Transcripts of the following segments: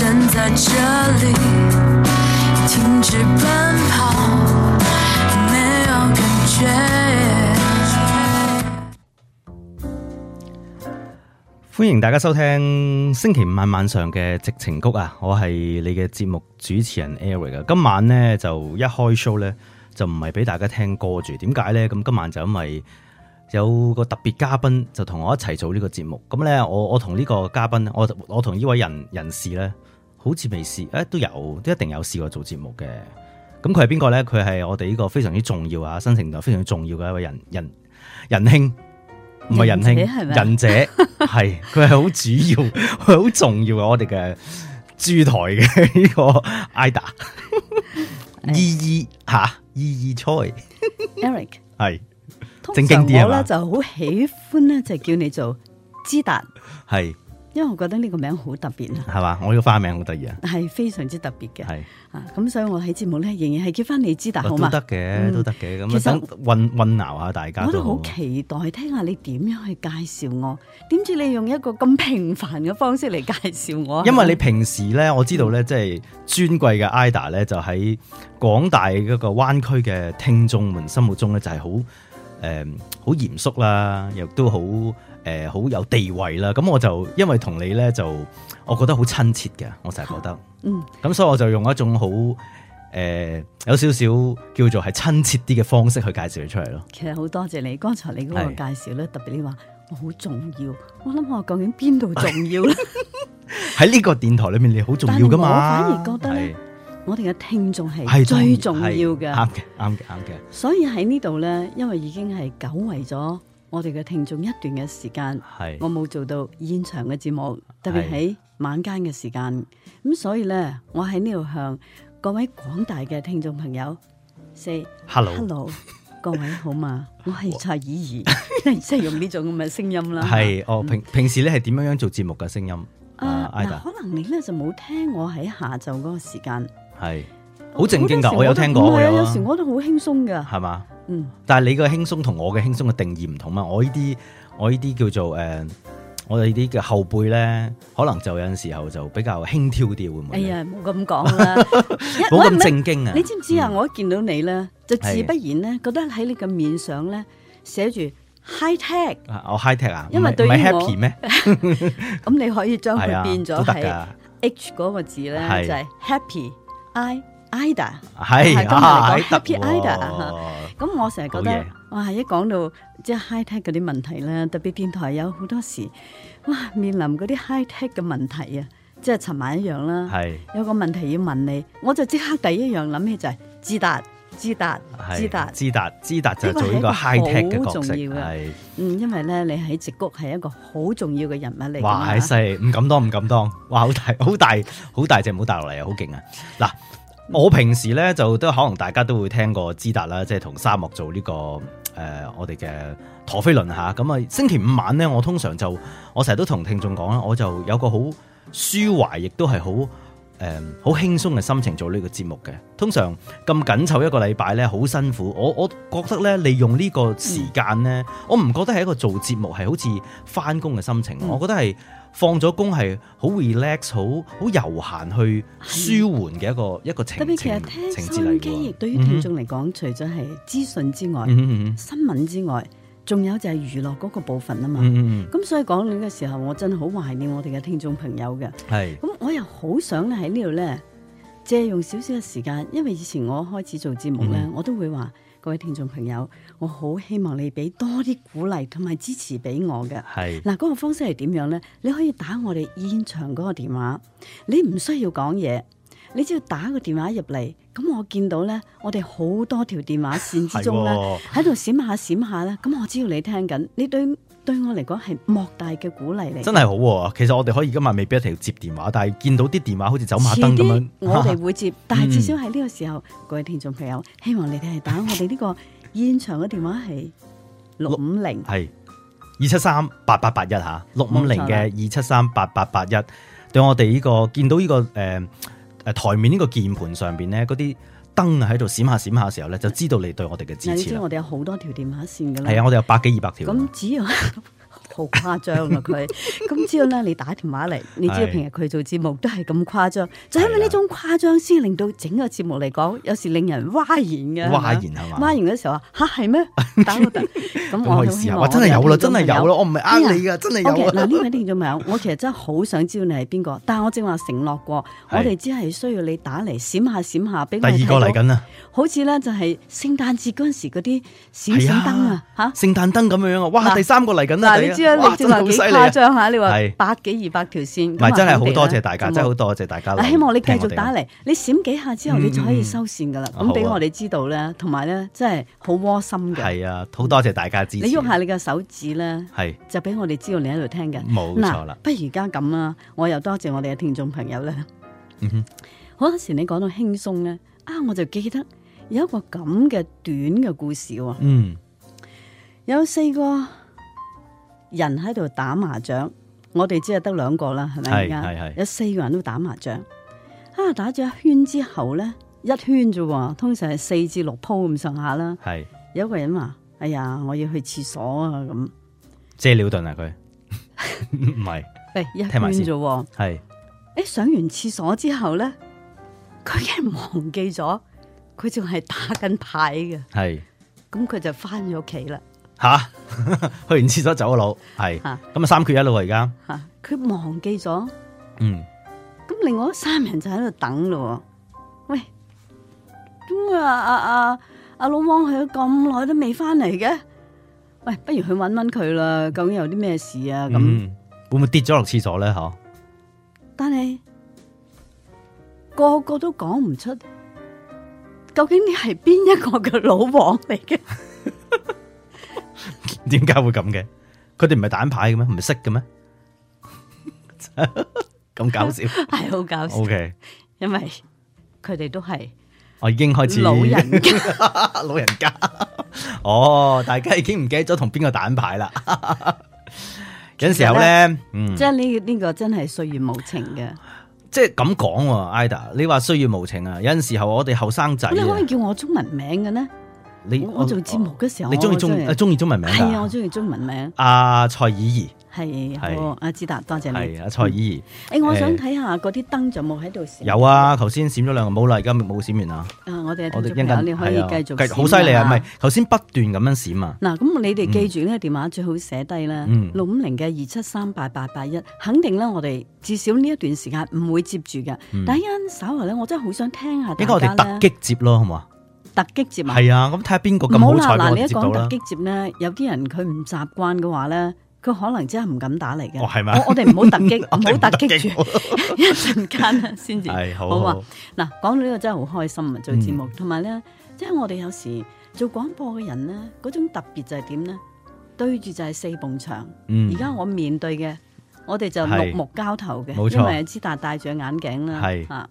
站在這裏，停止奔跑，沒有感覺。歡迎大家收聽星期五晚晚上嘅《矽情谷》啊！我係你嘅節目主持人 Eric 啊！今晚呢就一開 show 呢就唔係俾大家聽歌住，點解呢？咁今晚就因為有個特別嘉賓就同我一齊做呢個節目。咁呢，我我同呢個嘉賓，我我同呢位人人士呢。好似未試，誒都有，都一定有試過做節目嘅。咁佢係邊個咧？佢係我哋呢個非常之重要啊，新城台非常之重要嘅一位人人仁兄，唔係仁兄仁者，係佢係好主要，佢係好重要嘅我哋嘅珠台嘅呢個 ida Ee Ee，吓伊伊蔡 eric 係正經啲啊嘛，就好喜歡咧就叫你做知達係。因為我覺得呢個名好特別啦，係嘛？我呢個花名好特別啊，係非常之特別嘅。係是啊，咁所以我喺節目咧仍然係叫翻你知達，好嘛？都得嘅，嗯、都得嘅。咁想實混混淆下大家，我都好期待、嗯、聽下你點樣去介紹我。點知你用一個咁平凡嘅方式嚟介紹我？因為你平時咧， 我知道咧，即、就、係、是、尊貴嘅 IDA 咧，就喺廣大嗰個灣區嘅聽眾們心目中咧，就係好誒，好、呃、嚴肅啦，又都好。誒，好、呃、有地位啦，咁我就因為同你咧，就我覺得好親切嘅，我成日覺得，嗯，咁所以我就用一種好誒、呃，有少少叫做係親切啲嘅方式去介紹你出嚟咯。其實好多謝，謝你剛才你嗰個介紹咧，是特別你話我好重要，我諗我究竟邊度重要咧？喺呢 個電台裏面你好重要噶嘛？我反而覺得我哋嘅聽眾係最重要嘅，啱嘅，啱、就、嘅、是，啱嘅。所以喺呢度咧，因為已經係久違咗。我哋嘅聽眾一段嘅時間，我冇做到現場嘅節目，特別喺晚間嘅時間，咁所以咧，我喺呢度向各位廣大嘅聽眾朋友，say hello hello，各位好嘛？我係蔡綺儀，即係用呢種咁嘅聲音啦。係哦，平平時咧係點樣樣做節目嘅聲音啊？嗱，可能你咧就冇聽我喺下晝嗰個時間，係好正經噶，我有聽過。有時我都好輕鬆噶，係嘛？嗯，但係你嘅輕鬆同我嘅輕鬆嘅定義唔同啊！我呢啲我呢啲叫做誒、呃，我哋呢啲嘅後輩咧，可能就有陣時候就比較輕佻啲會唔會？哎呀，冇咁講啦，冇咁 在正經啊！你，你知唔知啊？嗯、我一見到你咧，就自不然咧，的覺得喺你嘅面上咧寫住 #hightech 啊，我、哦、#hightech 啊，因為對我 happy 咩？咁 你可以將佢變咗喺 #h 嗰個字咧，的就係 happy I。IDA，係啊，特別 IDA 咁我成日覺得，哇！一講到即係 high tech 嗰啲問題咧，特別電台有好多時，哇！面臨嗰啲 high tech 嘅問題啊，即係尋晚一樣啦，係有個問題要問你，我就即刻第一樣諗起就係知達，知達，知達，知達，知達就做呢個 high tech 嘅角色，係嗯，因為咧你喺矽谷係一個好重要嘅人物嚟，哇！係犀利，唔敢當，唔敢當，哇！好大，好大，好大隻，唔好大落嚟啊，好勁啊，嗱。我平時咧就都可能大家都會聽過知達啦，即係同沙漠做呢、這個誒、呃、我哋嘅陀飛輪嚇。咁啊，星期五晚咧，我通常就我成日都同聽眾講啦，我就有個好舒懷，亦都係好誒好輕鬆嘅心情做呢個節目嘅。通常咁緊湊一個禮拜咧，好辛苦。我我覺得咧，利用呢個時間咧，我唔覺得係一個做節目係好似返工嘅心情，我覺得係。放咗工係好 relax，好好悠閒去舒緩嘅一個的一個情，特別情其實聽收音機亦對於聽眾嚟講，mm hmm. 除咗係資訊之外，mm hmm. 新聞之外，仲有就係娛樂嗰個部分啊嘛。咁、mm hmm. 所以講呢個時候，我真係好懷念我哋嘅聽眾朋友嘅。係的，咁我又好想喺呢度咧借用少少嘅時間，因為以前我開始做節目咧，mm hmm. 我都會話。各位聽眾朋友，我好希望你俾多啲鼓勵同埋支持俾我嘅。係嗱是，嗰個方式係點樣咧？你可以打我哋現場嗰個電話，你唔需要講嘢，你只要打個電話入嚟，咁我見到咧，我哋好多條電話線之中咧，喺度閃下閃下咧，咁我知道你聽緊，你對。對我嚟講係莫大嘅鼓勵嚟，真係好、啊。其實我哋可以今日未必一定要接電話，但係見到啲電話好似走馬燈咁樣，我哋會接，哈哈但係至少喺呢個時候，嗯、各位聽眾朋友，希望你哋係打我哋呢個現場嘅電話係六五零係二七三八八八一吓，六五零嘅二七三八八八一，81, 啊 81, 啊、對我哋呢、呢個見到呢、呢個誒誒、呃、台面呢個鍵盤上邊咧嗰啲。燈啊喺度閃下閃下嘅時候咧，就知道你對我哋嘅支持啦。我哋有好多條電話線噶啦。係啊，我哋有百幾二百條。咁只要。 好誇張啊佢，咁之後咧你打電話嚟，你知道平日佢做節目都係咁誇張，就因為呢種誇張先令到整個節目嚟講，有時令人嘩然嘅，嘩然係嘛？嘩然嘅時候啊，吓係咩？咁我試下，我真係有啦，真係有啦，我唔係呃你噶，真係有。其實呢位聽眾朋友，我其實真係好想知道你係邊個，但係我正話承諾過，我哋只係需要你打嚟閃下閃下俾第二個嚟緊啦，好似咧就係聖誕節嗰時嗰啲閃閃燈啊吓，聖誕燈咁樣啊，哇！第三個嚟緊啦，你你話幾誇張吓？你話百幾二百條線，唔係真係好多謝大家，真係好多謝大家。希望你繼續打嚟，你閃幾下之後，你就可以收線噶啦。咁俾我哋知道咧，同埋咧，真係好窩心嘅。係啊，好多謝大家支持。你喐下你嘅手指咧，係就俾我哋知道你喺度聽緊。冇錯啦。不如而家咁啦，我又多謝我哋嘅聽眾朋友咧。好多時你講到輕鬆咧，啊，我就記得有一個咁嘅短嘅故事喎。嗯，有四個。人喺度打麻雀，我哋只係得兩個啦，係咪啊？而家有四個人都打麻雀，啊打咗一圈之後咧，一圈啫喎，通常係四至六鋪咁上下啦。係是有一個人話，哎呀，我要去廁所啊咁。借尿遁啊佢？唔係，誒 是 一圈啫喎，係。誒上完廁所之後咧，佢竟然忘記咗，佢仲係打緊牌嘅。係是。咁佢就翻咗屋企啦。吓，去完廁所走個佬，係咁啊，三缺一咯，而家。佢忘記咗，嗯，咁另外三人就喺度等咯。喂，咁啊啊啊阿老王去咗咁耐都未翻嚟嘅？喂，不如去搵搵佢啦，究竟有啲咩事啊？咁會唔會跌咗落廁所咧？嗬？但係個個都講唔出，究竟你係邊一個嘅老王嚟嘅？點解會咁嘅？佢哋唔係打牌嘅咩？唔係識嘅咩？咁 搞笑，係好 搞笑。O Okay K，因為佢哋都係我已經開始 老人家，老人家。哦，大家已經唔記得咗同邊個打牌啦。 有陣時候咧，嗯、這個，即係呢呢個真係歲月無情嘅。即係咁講，Ida，你話歲月無情啊？有陣時候我哋後生仔，你可，可以叫我中文名嘅呢？我做節目嘅時候，你中意中啊中意中文名？係啊，我中意中文名。阿蔡綺儀，係係阿志達，多謝你。係阿蔡綺儀。誒，我想睇下嗰啲燈就冇喺度閃。有啊，頭先閃咗兩下，冇啦，而家冇閃完啊，我哋我哋一陣，你可以繼續繼續。好犀利啊！唔係頭先不斷咁樣閃啊。嗱，咁你哋記住呢個電話最好寫低啦。六五零嘅二七三八八八一，肯定咧，我哋至少呢一段時間唔會接住嘅。但係一陣稍後咧，我真係好想聽下應該我哋突擊接咯，好唔好啊？突擊節啊！係啊，咁睇下邊個咁好彩，我接唔到啦。唔好話，嗱，你一講突擊節咧，有啲人佢唔習慣嘅話咧，佢可能真係唔敢打嚟嘅。係嘛？我哋唔好突擊，唔好突擊住，一陣間先至好啊。嗱，講到呢個真係好開心啊！做節目同埋咧，即係我哋有時做廣播嘅人咧，嗰種特別就係點咧？對住就係四埲牆，而家、嗯、我面對嘅，我哋就目目交投嘅，冇錯。知之達戴住眼鏡啦，係咁、啊。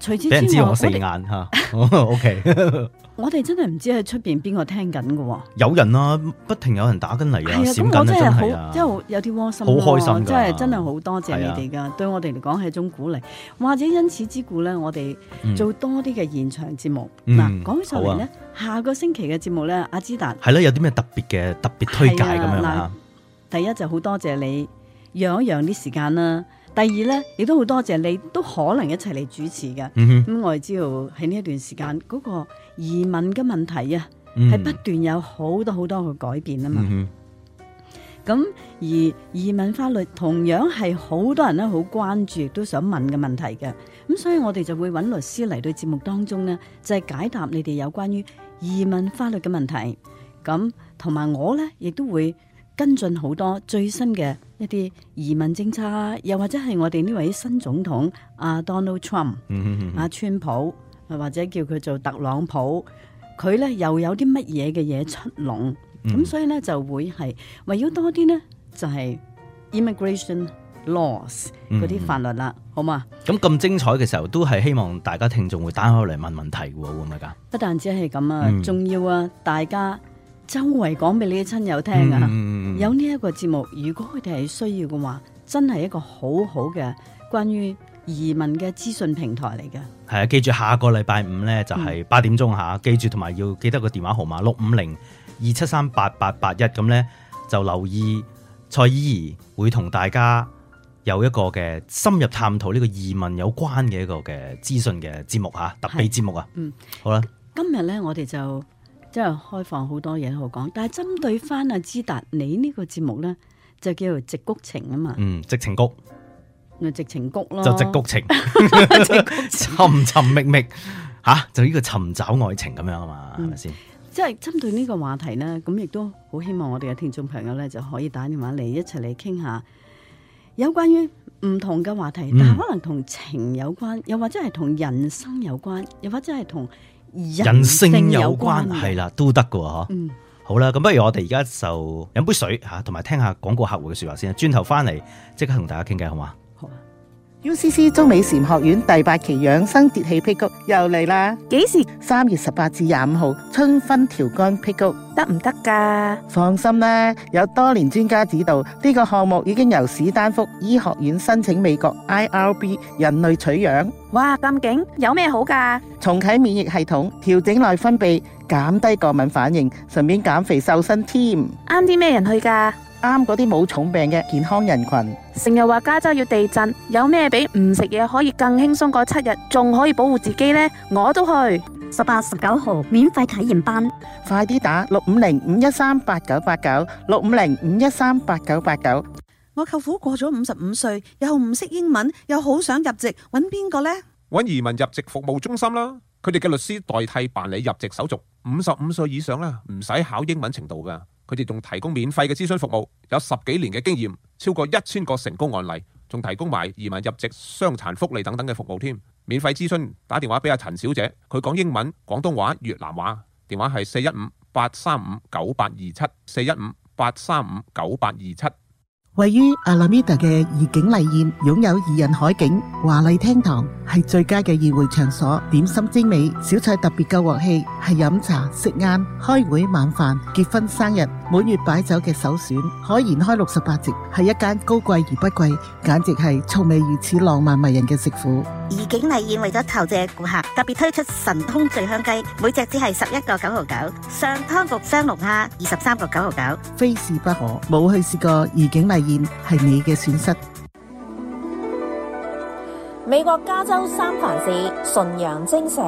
除此之外，俾人知我四眼，吓，O K。我哋真係唔知喺出面邊個聽緊嘅。有人啦，不停有人打緊嚟啊，閃緊真係好，即係有啲窩心，好開心，真係真係好多謝你哋噶，對我哋嚟講係一種鼓勵，或者因此之故咧，我哋做多啲嘅現場節目。嗱，講起上嚟咧，下個星期嘅節目咧，阿芝達係啦，有啲咩特別嘅特別推介咁樣啊？第一就好多謝你讓一讓啲時間啦。第二咧，亦都好多謝你，都可能一齊嚟主持嘅。咁、mm hmm. 嗯、我哋知道喺呢一段時間，嗰、嗰個移民嘅問題啊，係、mm hmm. 不斷有好多好多嘅改變啊嘛。咁、mm hmm. 而移民法律同樣係好多人咧好關注，亦都想問嘅問題嘅。咁所以我哋就會揾律師嚟到節目當中呢，就係、係、解答你哋有關於移民法律嘅問題。咁同埋我呢，亦都會跟進好多最新嘅。一啲移民政策，又或者係我哋呢位新總統阿、啊、Donald Trump，阿、嗯啊、川普，或者叫佢做特朗普，佢咧又有啲乜嘢嘅嘢出籠，咁、嗯、哼所以咧就會係，圍繞多啲咧就係、是、immigration laws 嗰啲法律啦，嗯、哼好嘛嗎？咁咁精彩嘅時候，都係希望大家聽眾會打開嚟問問題，會唔會噶？不但止係咁啊，仲、嗯、要啊，大家。周圍講俾你啲親友聽啊！嗯、有呢一個節目，如果佢哋係需要嘅話，真係一個好好嘅關於移民嘅資訊平台嚟嘅。係啊，記住下個禮拜五呢，就係、是、八點鐘吓，嗯、記住同埋要記得個電話號碼六五零二七三八八八一，咁呢，就留意蔡綺儀會同大家有一個嘅深入探討呢個移民有關嘅一個嘅資訊嘅節目吓，是特別節目啊。嗯，好啦吧，今日呢，我哋就。即係開放好多嘢可講，但係針對翻阿之達，你呢個節目呢，就叫做直谷情啊嘛。嗯，直情谷，直情谷咯，就直谷情，尋尋覓覓吓，就呢個尋找愛情咁樣啊嘛，係咪先？是是即係針對呢個話題呢，咁亦都好希望我哋嘅聽眾朋友呢，就可以打電話嚟，一齊嚟傾下有關於唔同嘅話題，嗯、但係可能同情有關，又或者係同人生有關，又或者係同。人性有關係啦，都得嘅，嗯，好啦，咁不如我哋而家就飲杯水吓，同埋聽下廣告客戶嘅說話先。轉頭翻嚟，即刻同大家傾偈，好嘛？UCC 中美禪學院第八期養生節氣辟穀又嚟啦！幾時？三月十八至廿五號，春分調肝辟穀得唔得噶？放心啦，有多年專家指導，呢個項目已經由史丹福醫學院申請美國 IRB 人類取樣。哇，咁勁！有咩好噶？重啟免疫系統，調整內分泌，減低過敏反應，順便減肥瘦身添。啱啲咩人去噶？啱嗰啲冇重病嘅健康人群，成日話加州要地震，有咩比唔食嘢可以更輕鬆過七日，仲可以保護自己呢？我都去，十八十九號免費體驗班，快啲打六五零五一三八九八九，六五零五一三八九八九。我舅父過咗五十五歲，又唔識英文，又好想入籍，揾邊個呢？揾移民入籍服務中心啦，佢哋嘅律師代替辦理入籍手續，五十五歲以上啦，唔使考英文程度噶。佢哋仲提供免費嘅諮詢服務，有十幾年嘅經驗，超過一千個成功案例，仲提供埋移民入籍、傷殘福利等等嘅服務添。免費諮詢，打電話畀阿陳小姐，佢講英文、廣東話、越南話，電話係四一五八三五九八二七，四一五八三五九八二七。位於阿拉米達嘅怡景麗宴，擁有怡人海景華麗廳堂，係最佳嘅宴會場所。點心精美，小菜特別夠鑊氣，係飲茶、食晏、開會、晚飯、結婚、生日、滿月擺酒嘅首選。可延開六十八席，係一間高貴而不貴，簡直係從未如此浪漫迷人嘅食府。怡景麗宴為咗酬謝顧客，特別推出神通聚香雞，每隻只係十一個九毫九。上湯焗雙龍蝦二十三個九毫九，非試不可。冇去試過怡景麗。現係你嘅損失。美國加州三藩市純陽精舍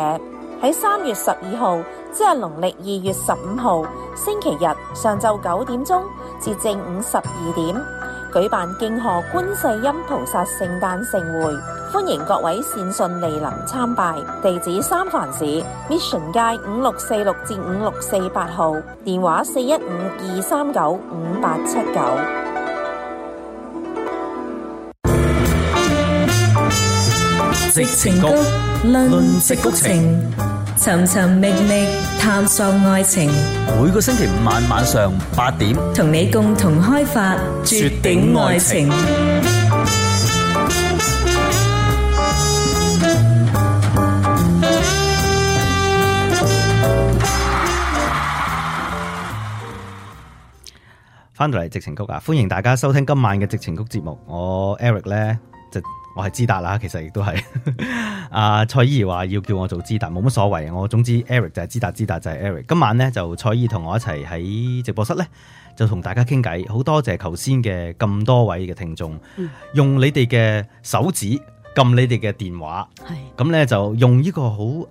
喺三月十二號，即係農曆二月十五號星期日上晝九點鐘至正午十二點舉辦敬賀觀世音菩薩聖誕盛會，歡迎各位善信莅臨參拜。地址三藩市 Mission 街五六四六至五六四八號，電話四一五二三九五八七九。矽情谷，論矽情谷，尋尋覓覓探索愛情。每個星期五晚晚上八點，同你共同開發絕頂愛情。返到嚟矽情谷啊！歡迎大家收聽今晚嘅矽情谷節目。我 Eric 呢就。我係知達啦，其實亦都係阿蔡姨話要叫我做知達，冇乜所謂。我總之 Eric 就係知達，知達就係 Eric。今晚咧就蔡姨同我一齊喺直播室咧，就同大家傾偈。好多謝頭先嘅咁多位嘅聽眾，嗯、用你哋嘅手指撳你哋嘅電話，咁咧是就用呢個好誒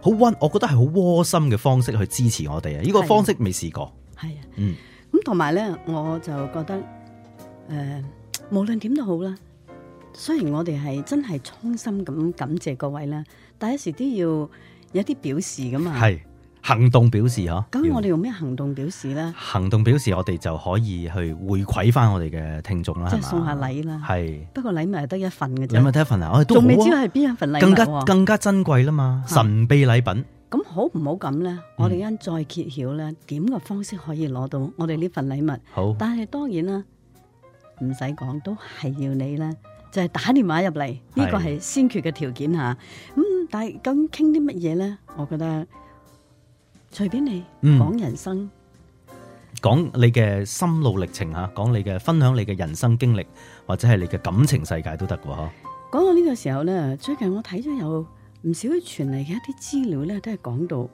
好溫，我覺得係好窩心嘅方式去支持我哋啊！呢、呢個方式未試的過，係啊的，嗯。咁同埋咧，我就覺得誒、呃，無論點都好啦。雖然我哋係真係衷心咁感謝各位啦，但係有時都要有啲表示噶嘛。係行動表示嗬。咁我哋用咩行動表示咧？行動表示我哋就可以去回饋翻我哋嘅聽眾啦，即係送下禮啦。係。不過禮物係得一份嘅啫。禮物得一份啊？我仲未知係邊一份禮物，啊，更加更加珍貴啦嘛，的神秘禮品。咁好唔好咁咧？我哋一陣再揭曉咧，點嘅，嗯、方式可以攞到我哋呢份禮物？好。但係當然啦，唔使講都係要你啦。就係打電話入嚟，呢個係先決嘅條件吓。咁的但係咁傾啲乜嘢咧？我覺得隨便你講人生，嗯、講你嘅心路歷程吓，講你嘅分享，你嘅人生經歷或者係你嘅感情世界都得嘅嗬。講到呢個時候咧，最近我睇咗有唔少傳嚟嘅一啲資料咧，都係講到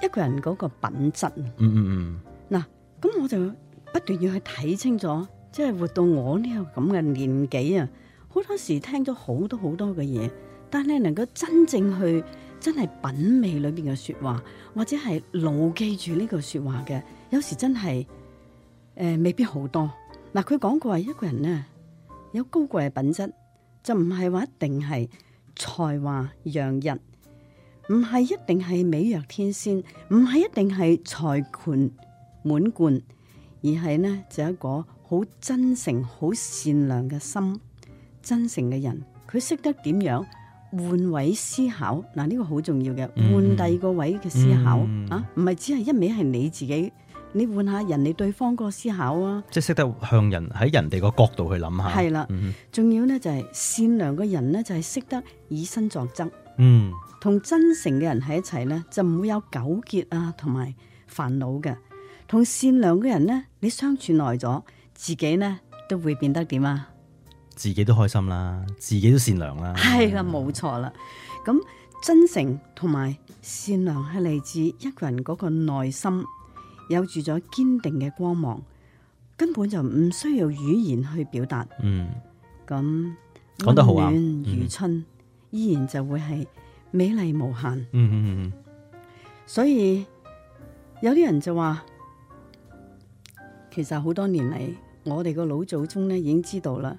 一個人嗰個品質。嗯嗯嗯。嗱，咁我就不斷要去睇清楚，即係活到我呢個咁嘅年紀啊！好多時聽咗好多好多嘅嘢，但係能夠真正去真係品味裏邊嘅說話，或者係牢記住呢個說話嘅，有時真係誒、呃，未必好多嗱。佢講過話，一個人呢，有高貴嘅品質，就唔係話一定係才華洋溢，唔係一定係美若天仙，唔係一定係財權滿貫，而係呢，就一個好真誠、好善良嘅心。真誠嘅人，佢識得點樣換位思考，嗱、這、呢個好重要嘅，嗯、換第二個位嘅思考、嗯、啊，唔係只係一味係你自己，你換下人哋對方個思考啊，即係識得向人喺人哋個角度去諗下。係啦的，仲、嗯、要呢就係、是、善良嘅人呢，就係、是、識得以身作則，嗯，同真誠嘅人喺一齊呢，就唔會有糾結啊，同埋煩惱嘅，同善良嘅人呢，你相處耐咗，自己呢，都會變得點啊？自己都開心啦，自己都善良啦，係啦的，冇、嗯、錯啦。咁真誠同埋善良係嚟自一個人嗰個內心，有住咗堅定嘅光芒，根本就唔需要語言去表達。嗯，咁溫暖如春，嗯，依然就會係美麗無限。嗯嗯嗯嗯。所以有啲人就話，其實好多年嚟，我哋個老祖宗咧已經知道啦。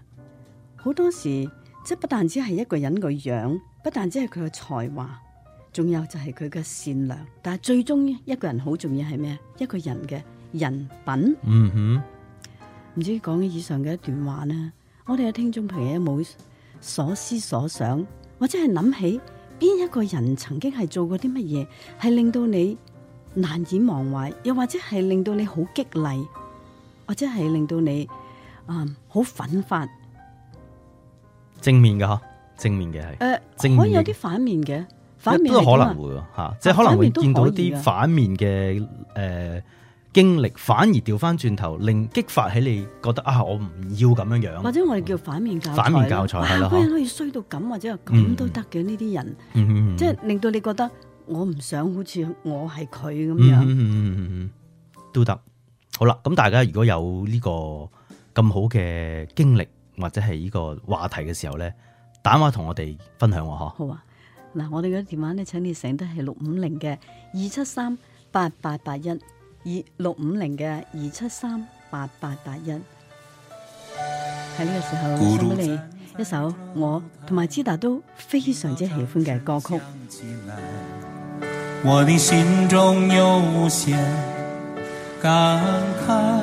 好多時即係不但只係一個人個樣，不但只係佢嘅才華，仲有就係佢嘅善良。但係最終一個人好重要係咩？一個人嘅人品。嗯哼。唔知講以上嘅一段話呢？我哋嘅聽眾朋友有冇所思所想，或者係諗起邊一個人曾經係做過啲乜嘢，係令到你難以忘懷，又或者係令到你好激勵，或者係令到你啊好奮發。正面嘅嗬，正面嘅係，誒，正面可以有啲反面嘅，反面都可能會吓，即係可能會見到啲反面嘅誒經歷，反而調翻轉頭，令激發起你覺得啊，我唔要咁樣樣，或者我哋叫反面教反面教材係咯，可以衰到咁，或者又咁都得嘅呢啲人，即係令到你覺得我唔想好似我係佢咁樣，都得。好啦，咁大家如果有呢個咁好嘅經歷。或者係呢個話題嘅時候咧，打電話同我哋分享我嗬。好啊，嗱，我哋嘅電話咧，請你醒得係六五零嘅二七三八八八一，二六五零嘅二七三八八八一。喺呢個時候，我送你一首我同埋知達都非常之喜歡嘅歌曲。我的心中有無限感慨。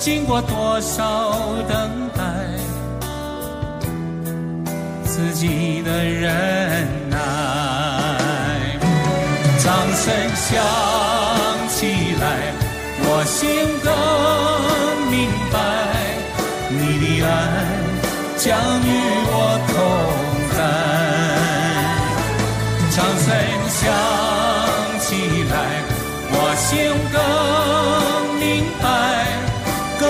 經過多少等待，自己的忍耐。掌聲響起來，我心更明白，你的愛將與我同在。掌聲響起來，我心更。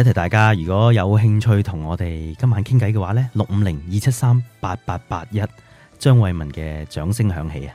一提大家，如果有興趣同我哋今晚傾偈嘅話呢，六五零二七三八八八一，張慧文嘅掌聲響起啊！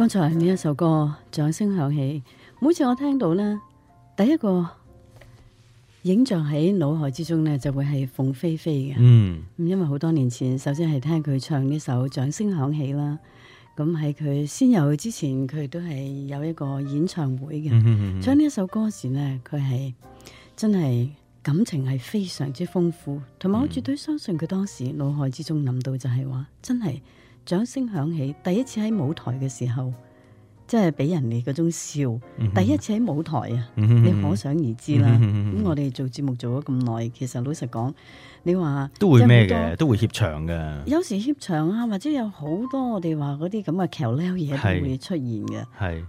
剛才呢一首歌，掌聲響起。每次我聽到呢，第一個影像喺腦海之中呢就會係鳳飛飛嘅。嗯，因為好多年前，首先係聽佢唱呢首《掌聲響起》啦。咁喺佢先有之前，佢都係有一個演唱會嘅。嗯嗯嗯、唱呢一首歌時呢，佢係真係感情係非常之豐富，同埋我絕對相信佢當時腦海之中諗到就係話，真係。掌聲響起，第一次喺舞台嘅時候，即係俾人哋嗰種笑。嗯、哼第一次喺舞台啊，嗯、哼你可想而知啦。咁、嗯嗯、我哋做節目做咗咁耐，其實老實講，你話都會咩嘅，都會怯場嘅。有時怯場啊，或者有好多我哋話嗰啲咁嘅橋唥嘢都會出現嘅。係咁、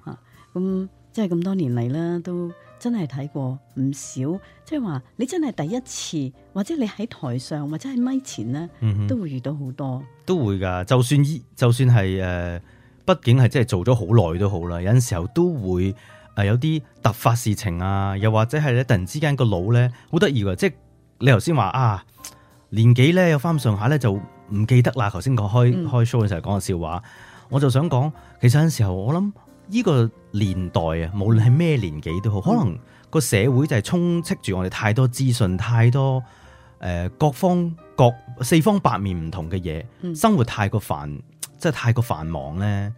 啊、即係咁多年嚟啦，都。真係睇過唔少，即係話你真係第一次，或者你喺台上，或者喺咪前呢，嗯、哼都會遇到好多。都會噶，就算依，就算係誒，畢竟係真係做咗好耐都好啦。有陣時候都會誒、呃，有啲突發事情啊，又或者係咧，突然之間個腦咧好得意噶，即係你頭先話啊，年紀咧有翻上下咧就唔記得啦。頭先講開開 show 嘅時候講嘅笑話，嗯、我就想講，其實有陣時候我諗。呢個年代啊，無論係咩年紀都好，可能個社會就係充斥住我哋太多資訊，太多、呃、各方各四方八面唔同嘅嘢，生活太過繁，即係太過繁忙咧，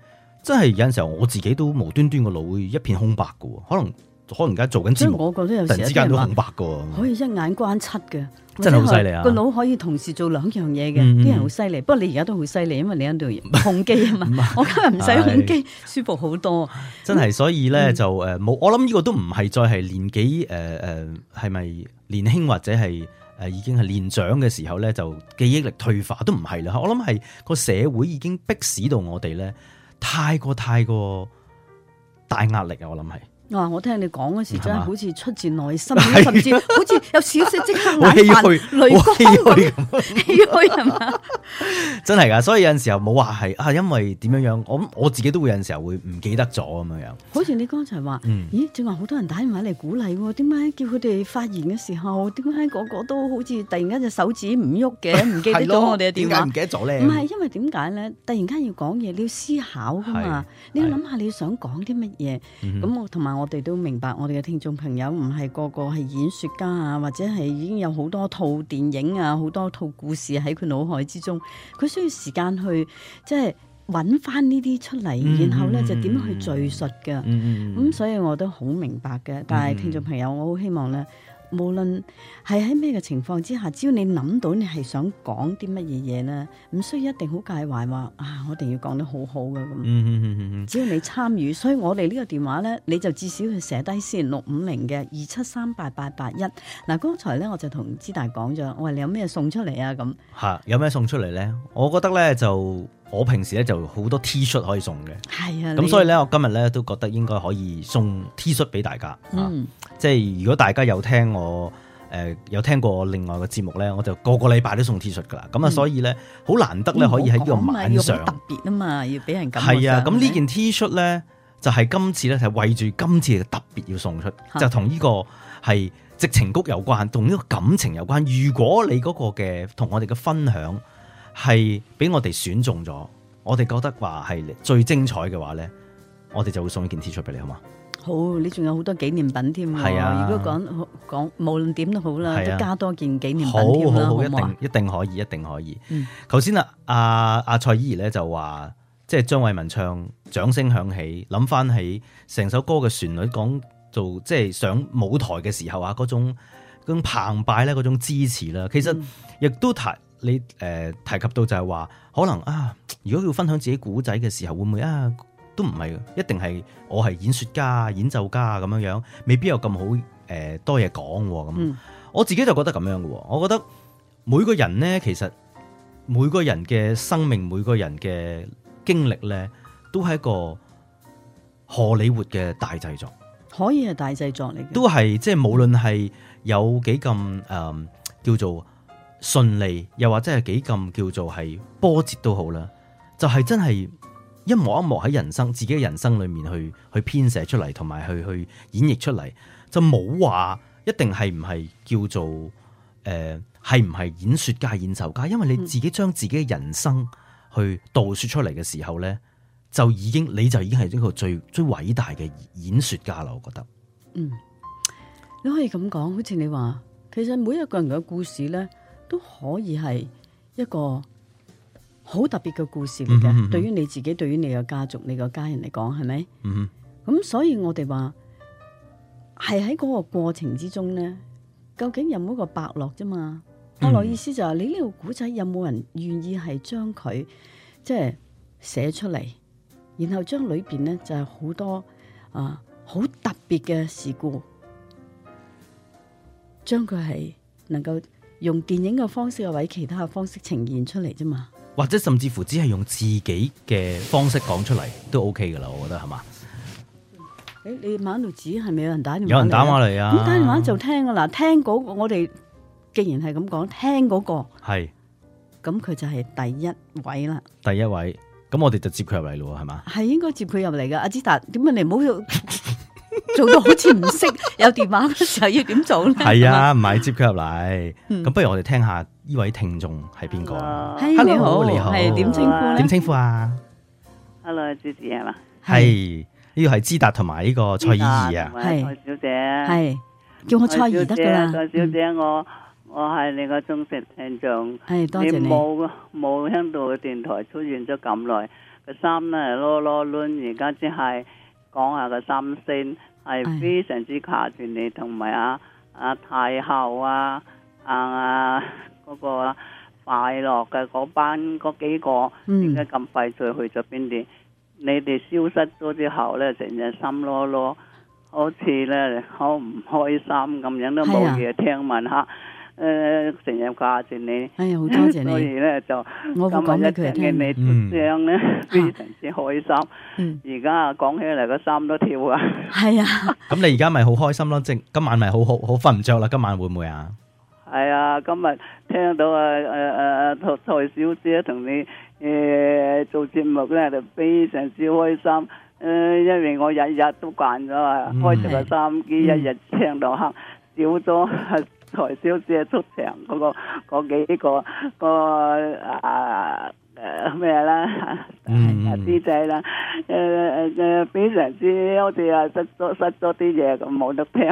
真係有陣時候我自己都無端端個腦一片空白嘅，可能。可能而家做緊節目，我覺得有時之間都空白噶，可以一眼關七嘅，真係好犀利啊！啊，個腦可以同時做兩樣嘢嘅。啲、嗯、哼 人好犀利。不過你而家都好犀利，因為你喺度控機啊嘛。 我今日唔使控機，是的 舒服好多。真係，所以咧就誒冇。嗯、我諗呢個都唔係再係年紀誒誒係咪年輕或者係誒已經係年長嘅時候咧，就記憶力退化都唔係啦。我諗係個社會已經逼使到我哋咧，太過太過大壓力啊！我諗係。啊、我聽你講嗰時，真係好似出自內心，吧甚至好似有少少即刻眼泛淚光咁， 氣係嘛？氣氣係係真係㗎，所以有陣時候冇話係啊，因為點樣樣，我我自己都會有陣時候會唔記得咗咁樣。好似你剛才話，嗯、咦？正話好多人打電話嚟鼓勵喎，點解叫佢哋發言嘅時候，點解個,個個都好似突然間隻手指唔喐嘅，唔 記得咗我哋點解唔記得咗咧？唔係因為點解咧？突然間要講嘢，你要思考㗎嘛？係係你要諗下你想講啲乜嘢。咁我同埋我。我哋都明白，我哋嘅聽眾朋友唔係個個係演說家啊，或者係已經有好多套電影啊，好多套故事喺佢腦海之中，佢需要時間去即係揾翻呢啲出嚟，嗯、然後咧就點樣去敘述嘅。咁、嗯嗯嗯、所以我都好明白嘅，但係聽眾朋友，我好希望咧。無論係喺咩嘅情況之下，只要你諗到你係想講啲乜嘢嘢咧，唔需要一定好介懷話啊，我一定要講得好好嘅咁。嗯嗯嗯嗯，只要你參與，所以我哋呢個電話咧，你就至少要寫低先，六五零嘅二七三八八八一。嗱，剛才咧我就同支大講咗，我話你有咩送出嚟啊咁。吓，有咩送出嚟咧？我覺得咧就。我平時咧就好多 T 恤可以送嘅，係啊。咁所以咧，我今日咧都覺得應該可以送 T 恤俾大家。嗯、啊，即係如果大家有聽我誒、呃、有聽過我另外嘅節目咧，我就個個禮拜都送 T 恤噶啦。咁啊，所以咧好難得咧可以喺呢個晚上別、就是、要特別啊嘛，要俾人感覺。係啊，咁、嗯、呢件 T 恤咧就係、是、今次咧係、就是、為住今次特別要送出，啊、就同呢個係矽情谷有關，同呢個感情有關。如果你嗰個嘅同我哋嘅分享。係俾我哋選中咗，我哋覺得話係最精彩嘅話咧，我哋就會送一件 T 恤俾你，好嘛？好，你仲有好多紀念品添啊！係啊，如果講講無論點都好啦嗎，都加多件紀念品添好好一定，一定可以，一定可以。頭先、嗯、啊，阿、啊、阿蔡依兒咧就話，即係張惠文唱，掌聲響起，諗翻起成首歌嘅旋律，講做即係上舞台嘅時候啊，嗰種，種澎湃咧，嗰種支持啦，其實亦都提。嗯你誒、呃、提及到就係話，可能啊，如果要分享自己古仔嘅時候，會唔會啊，都唔係，一定係我係演説家、演奏家咁樣樣，未必有咁好誒、呃、多嘢講咁。嗯、我自己就覺得咁樣嘅，我覺得每個人咧，其實每個人嘅生命、每個人嘅經歷咧，都係一個荷里活嘅大製作，可以係大製作嚟嘅，都係即係無論係有幾咁誒叫做。順利又或者係幾咁叫做係波折都好啦，就係真係一幕一幕喺人生自己嘅人生裏面去去編寫出嚟，同埋去去演繹出嚟，就冇話一定係唔係叫做誒係唔係演說家演奏家，因為你自己將自己嘅人生去道說出嚟嘅時候呢，就已經你就已經係一個最最偉大嘅演說家啦，我覺得。嗯，你可以咁講，好似你話，其實每一個人嘅故事呢。都可以係一個好特別嘅故事嚟嘅，嗯、哼哼對於你自己，對於你嘅家族、你嘅家人嚟講，係咪？咁、嗯、哼所以我哋話係喺嗰個過程之中呢，究竟有冇一個伯樂啫嘛？嗯、伯樂意思就係、是、你呢個古仔有冇人願意係將佢即係寫出嚟，然後將裏邊呢，就係、是、好多啊好特別嘅事故，將佢係能夠。用電影嘅方式位，或者其他嘅方式呈現出嚟啫嘛，或者甚至乎只係用自己嘅方式講出嚟都 OK 噶啦，我覺得係嘛？誒、欸，你晚度子係咪有人打電話，啊？有人打電話嚟啊？咁打電話就聽啊，嗱，聽嗰、那個我哋既然係咁講，聽嗰、那個係，咁佢是就係第一位啦。第一位，咁我哋就接佢入嚟咯，係嘛？係應該接佢入嚟噶，阿之達，點解你唔好。 做到好似唔識有電話嘅時候要點做咧？係啊，唔係接佢入嚟。咁不如我哋聽下呢位聽眾係邊個？Hello，你好，係點稱呼咧？點稱呼啊？Hello，芝芝係嘛？係呢個係芝達同埋呢個蔡綺儀啊？係小姐，係叫我蔡綺儀得噶啦。蔡小姐，我我係你個忠實聽眾，係多謝你。冇冇聽到電台出現咗咁耐，個衫咧係囉囉攣，而家只係。講下個心聲係非常之掛住你，同埋啊啊太后啊啊嗰、啊嗰個快樂嘅嗰班嗰幾個，點解咁快脆去咗邊啲？你哋消失咗之後呢，成日心囉囉，好似呢好唔開心咁樣都、啊，都冇嘢聽聞吓。誒，成日掛住你，哎呀，好多謝，所以咧就今晚一聽到你咁樣咧，非常之開心。而家啊，講起嚟，個心都跳啊！係啊，咁你而家咪好開心咯，即係今晚咪好好好瞓唔着啦,今晚會唔會啊？係啊，今日聽到啊誒誒誒，蔡小姐同你誒做節目咧，就非常之開心。誒，因為我日日都慣咗啊，開住個收音機，一日聽到黑少咗。台小姐出場嗰、那個嗰幾個、那個啊誒咩啦阿 d 仔啦誒誒誒，非常之好似啊失咗失咗啲嘢咁，冇得聽。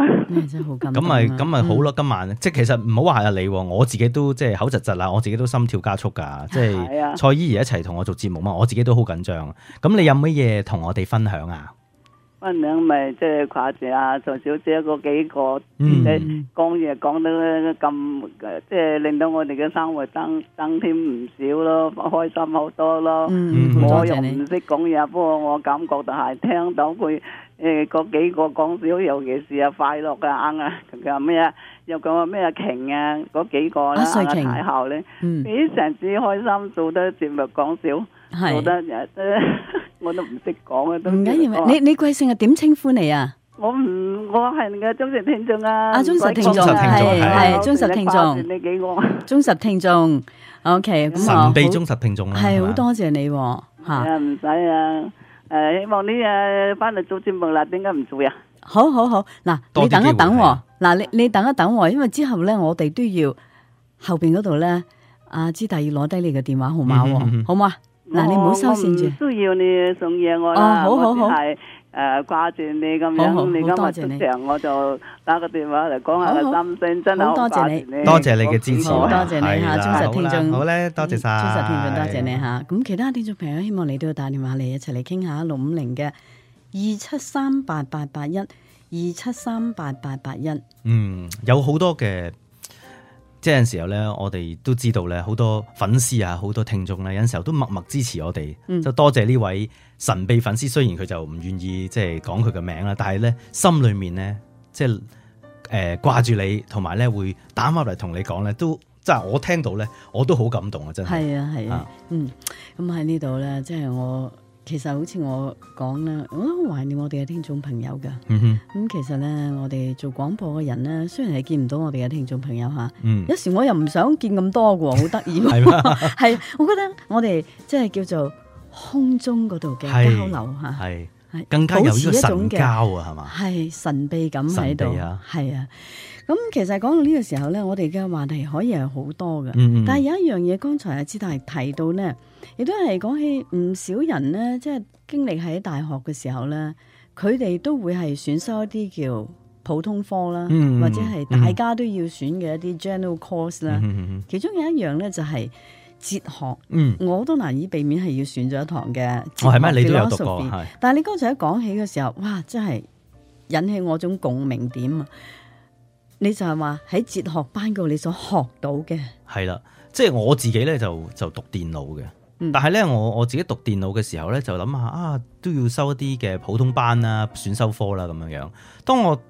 咁咪咁咪好咯、啊， 今晚、嗯、即係其實唔好話係你，我自己都即係口窒窒啦，我自己都心跳加速㗎，的即係蔡綺儀一齊同我做節目嘛，我自己都好緊張。咁你有乜嘢同我哋分享啊？分兩咪即係掛住啊，曹小姐嗰幾個，啲嘢，講嘢講得咁，即係令到我哋嘅生活增增添唔少咯，開心好多咯。嗯，我又唔識講嘢，不過我感覺就係聽到佢誒嗰幾個講笑，尤其是啊快樂啊啱啊，佢話咩啊，又講咩啊瓊啊嗰幾個啦，阿太后咧，非常之開心，做得節目講笑。係，我都唔識講啊！都唔緊要。你你貴姓啊？點稱呼你啊？我唔，我係你嘅忠實聽眾啊！阿忠實聽眾，係忠實聽眾，你幾個？忠實聽眾，OK。神秘忠實聽眾啦，係好多謝你吓，唔使啊！誒，希望你誒翻嚟做節目啦。點解唔做呀？好好好，嗱，你等一等，嗱，你你等一等，因為之後咧，我哋都要後邊嗰度咧，阿知大要攞低你嘅電話號碼，好唔好啊？嗱、啊、你唔好收線住。我唔需要你送嘢我好好、啊、好。我只係誒、呃、掛住你咁樣。好好好，你今日出場，我就打個電話嚟講下好。好心聲，真係好多謝你，多謝你嘅支持，多謝你吓忠實聽眾。好咧，多謝晒忠、嗯、實聽眾，多謝你吓。咁其他聽眾朋友，希望你都要打電話嚟一齊嚟傾下，六五零嘅二七三八八八一，二七三八八八一。嗯，有好多嘅。即係有時候咧，我哋都知道咧，好多粉絲啊，好多聽眾咧，有陣時候都默默支持我哋，嗯、就多謝呢位神秘粉絲。雖然佢就唔願意即係講佢嘅名啦，但係咧心裏面咧，即係誒掛住你，同埋咧會打翻嚟同你講咧，都即係我聽到咧，我都好感動啊！真係，係啊係啊，嗯，咁喺呢度咧，即係我。其實好似我講啦，我都懷念我哋嘅聽眾朋友噶。咁、嗯、哼其實咧，我哋做廣播嘅人咧，雖然係見唔到我哋嘅聽眾朋友吓，有、嗯、時我又唔想見咁多嘅喎，好得意。係嗎， 我覺得我哋即係叫做空中嗰度嘅交流吓，係是更加有咗一，是一種嘅，係嘛，係神秘感喺度。係啊，咁、啊、其實講到呢個時候咧，我哋嘅話題可以係好多嘅。嗯、哼但係有一樣嘢，剛才阿志大提到咧。亦都係講起唔少人咧，即係經歷喺大學嘅時候咧，佢哋都會係選修一啲叫普通科啦，嗯、或者係大家都要選嘅一啲 general course 啦。嗯嗯嗯嗯、其中有一樣咧就係、是、哲學，嗯、我都難以避免係要選咗一堂嘅。我係咩？你都有讀過。但係你剛才一講起嘅時候，哇，真係引起我種共鳴點啊！你就係話喺哲學班度，你所學到嘅係啦，即係我自己咧就就讀電腦嘅。但係咧，我我自己讀電腦嘅時候咧，就諗下啊，都要收一啲嘅普通班啦、選修科啦咁樣樣。當我誒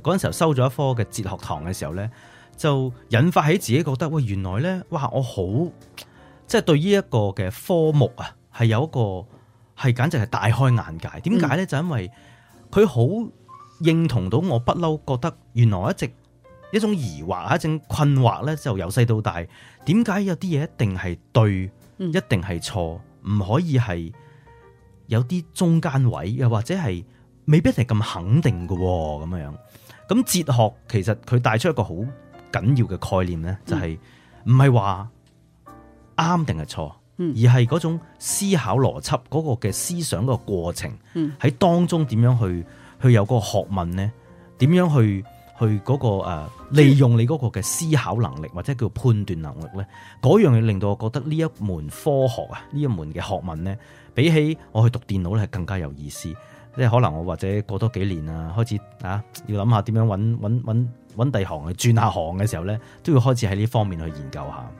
嗰陣時候收咗一科嘅哲學堂嘅時候咧，就引發起自己覺得喂，原來咧哇，我好即係對於一個嘅科目啊，係有一個係簡直係大開眼界。點解咧？嗯、就因為佢好認同到我不嬲覺得，原來一直一種疑惑、一種困惑咧，就由細到大，點解有啲嘢一定係對？一定係錯，唔可以係有啲中間位，又或者係未必係咁肯定嘅㗎喎，咁樣。咁哲學其實佢帶出一個好緊要嘅概念咧，就係唔係話啱定係錯，而係嗰種思考邏輯嗰個嘅思想個過程，喺當中點樣去去有個學問咧，點樣去。去嗰、嗰個誒，利用你嗰個嘅思考能力或者叫判斷能力咧，嗰樣嘢令到我覺得呢一門科學啊，呢一門嘅學問咧，比起我去讀電腦咧，係更加有意思。即係可能我或者過多幾年啊，開始啊要諗下點樣揾揾揾揾第二行去轉下行嘅時候咧，都要開始喺呢方面去研究下。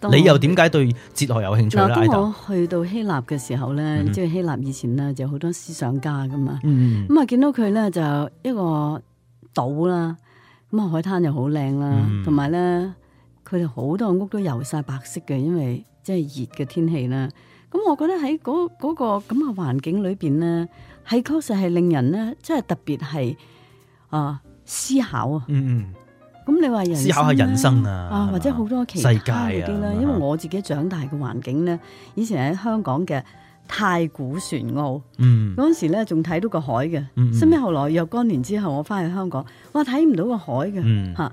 當你又點解對哲學有興趣咧？咁我去到希臘嘅時候咧，即係、嗯、哼，希臘以前咧就有好多思想家噶嘛，咁啊見到佢咧就一個。島啦，咁啊海灘又好靚啦，同埋咧，佢哋好多屋都油晒白色嘅，因為即係熱嘅天氣啦。咁我覺得喺嗰嗰個咁嘅環境裏邊咧，係確實係令人咧，即係特別係啊思考，思考啊。嗯嗯、啊。咁你話人生啦，啊或者好多其他嗰啲啦，啊、因為我自己長大嘅環境咧，以前喺香港嘅。太古船塢，嗰陣、嗯、時咧仲睇到個海嘅，甚至、嗯、後來若干年之後我翻去香港，哇睇唔到個海嘅吓，咁、嗯啊、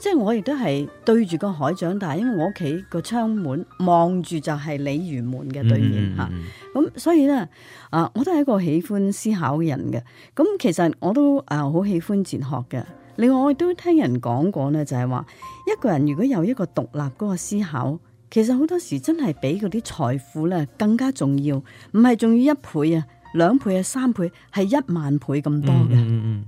即係我亦都係對住個海長大，因為我屋企個窗門望住就係鯉魚門嘅對面吓，咁、嗯啊、所以咧啊我都係一個喜歡思考嘅人嘅，咁、啊、其實我都啊好喜歡哲學嘅，另外我亦都聽人講過咧就係、是、話一個人如果有一個獨立嗰個思考。其實好多時真係比嗰啲財富咧更加重要，唔係仲要一倍啊、兩倍啊、三倍，係一萬倍咁多嘅。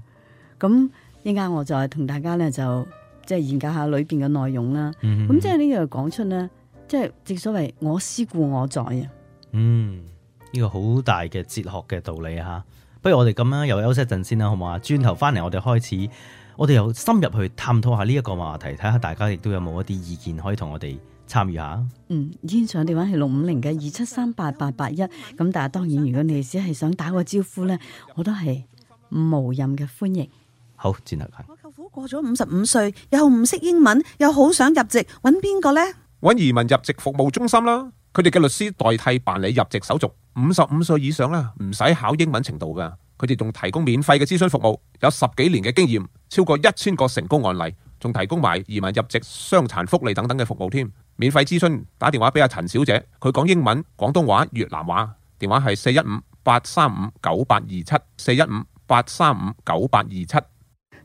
咁依家我就係同大家咧就即係、即係、研究下裏邊嘅內容啦。咁即係呢個講出咧，即、就、係、係、正所謂我思故我在啊。嗯，呢、呢個好大嘅哲學嘅道理吓。不如我哋咁樣，又休息一陣先啦，好唔好啊？轉頭翻嚟我哋開始，我哋又深入去探討下呢一個話題，睇下大家亦都有冇一啲意見可以同我哋。參與下，嗯，綫上電話係六五零嘅二七三八八八一咁。但係當然，如果你只係想打個招呼呢，我都係無任嘅歡迎。好，轉頭我舅父過咗五十五歲，又唔識英文，又好想入籍，揾邊個呢？揾移民入籍服務中心啦，佢哋嘅律師代替辦理入籍手續。五十五歲以上啦，唔使考英文程度噶，佢哋仲提供免費嘅諮詢服務，有十幾年嘅經驗，超過一千個成功案例，仲提供埋移民入籍、傷殘福利等等嘅服務添。免費諮詢，打電話畀阿陳小姐，佢講英文、廣東話、越南話，電話係四一五八三五九八二七，四一五八三五九八二七。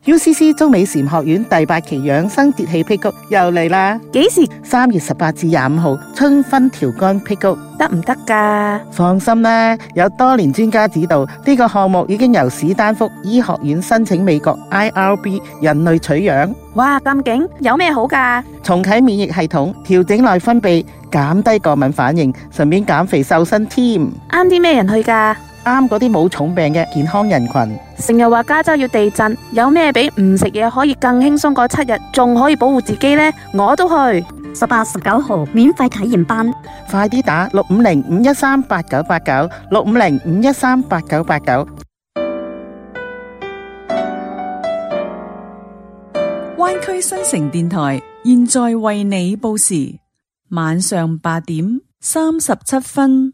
UCC 中美禪學院第八期養生節氣辟谷又嚟啦！幾時？三月十八至廿五號，春分調肝辟谷得唔得㗎？放心啦，有多年專家指導，呢個項目已經由史丹福醫學院申請美國 IRB 人類取樣。哇，咁勁！有咩好㗎？重啟免疫系統，調整內分泌，減低過敏反應，順便減肥瘦身添。啱啲咩人去㗎？啱嗰啲冇重病嘅健康人群，成日話加州要地震，有咩比唔食嘢可以更輕鬆過七日，仲可以保護自己呢？我都去，十八十九號免費體驗班，快啲打六五零五一三八九八九，六五零五一三八九八九。灣區新城電台現在為你報時，晚上八點三十七分。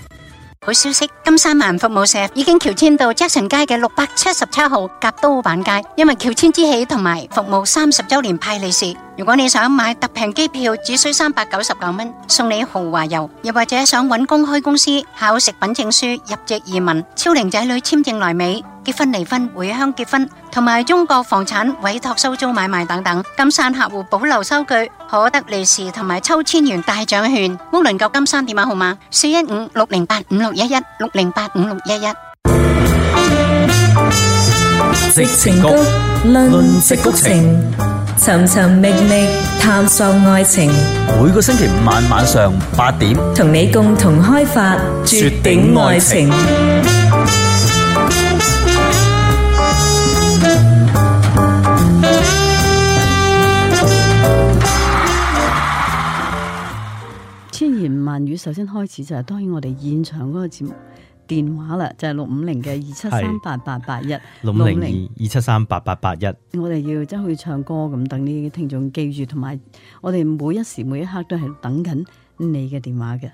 好消息！金山萬服務社已經喬遷到則臣街嘅六百七十七號夾都板街，因為喬遷之喜同埋服務三十週年派利是。如果你想買特平機票，只需三百九十九蚊送你豪華遊，又或者想搵工開公司，考食品證書、入籍移民、超齡仔女簽證來美。結婚、離婚、回鄉結婚，同埋中國房產委託收租買賣等等。金山客戶保留收據，可得利是同埋抽千元大獎券。屋倫舊金山電話號碼：四一五六零八五六一一六零八五六一一。矽情谷，論矽谷情，尋尋覓覓探索愛情。每個星期五晚晚上八點，同你共同開發絕頂愛情。言萬語，首先開始就係，當然我哋現場嗰個節目電話啦，就係六五零嘅二七三八八八一，六五零二七三八八八一。81, 81, 81, 我哋要真去唱歌咁，等呢啲聽眾記住，同埋我哋每一時每一刻都係等緊你嘅電話嘅。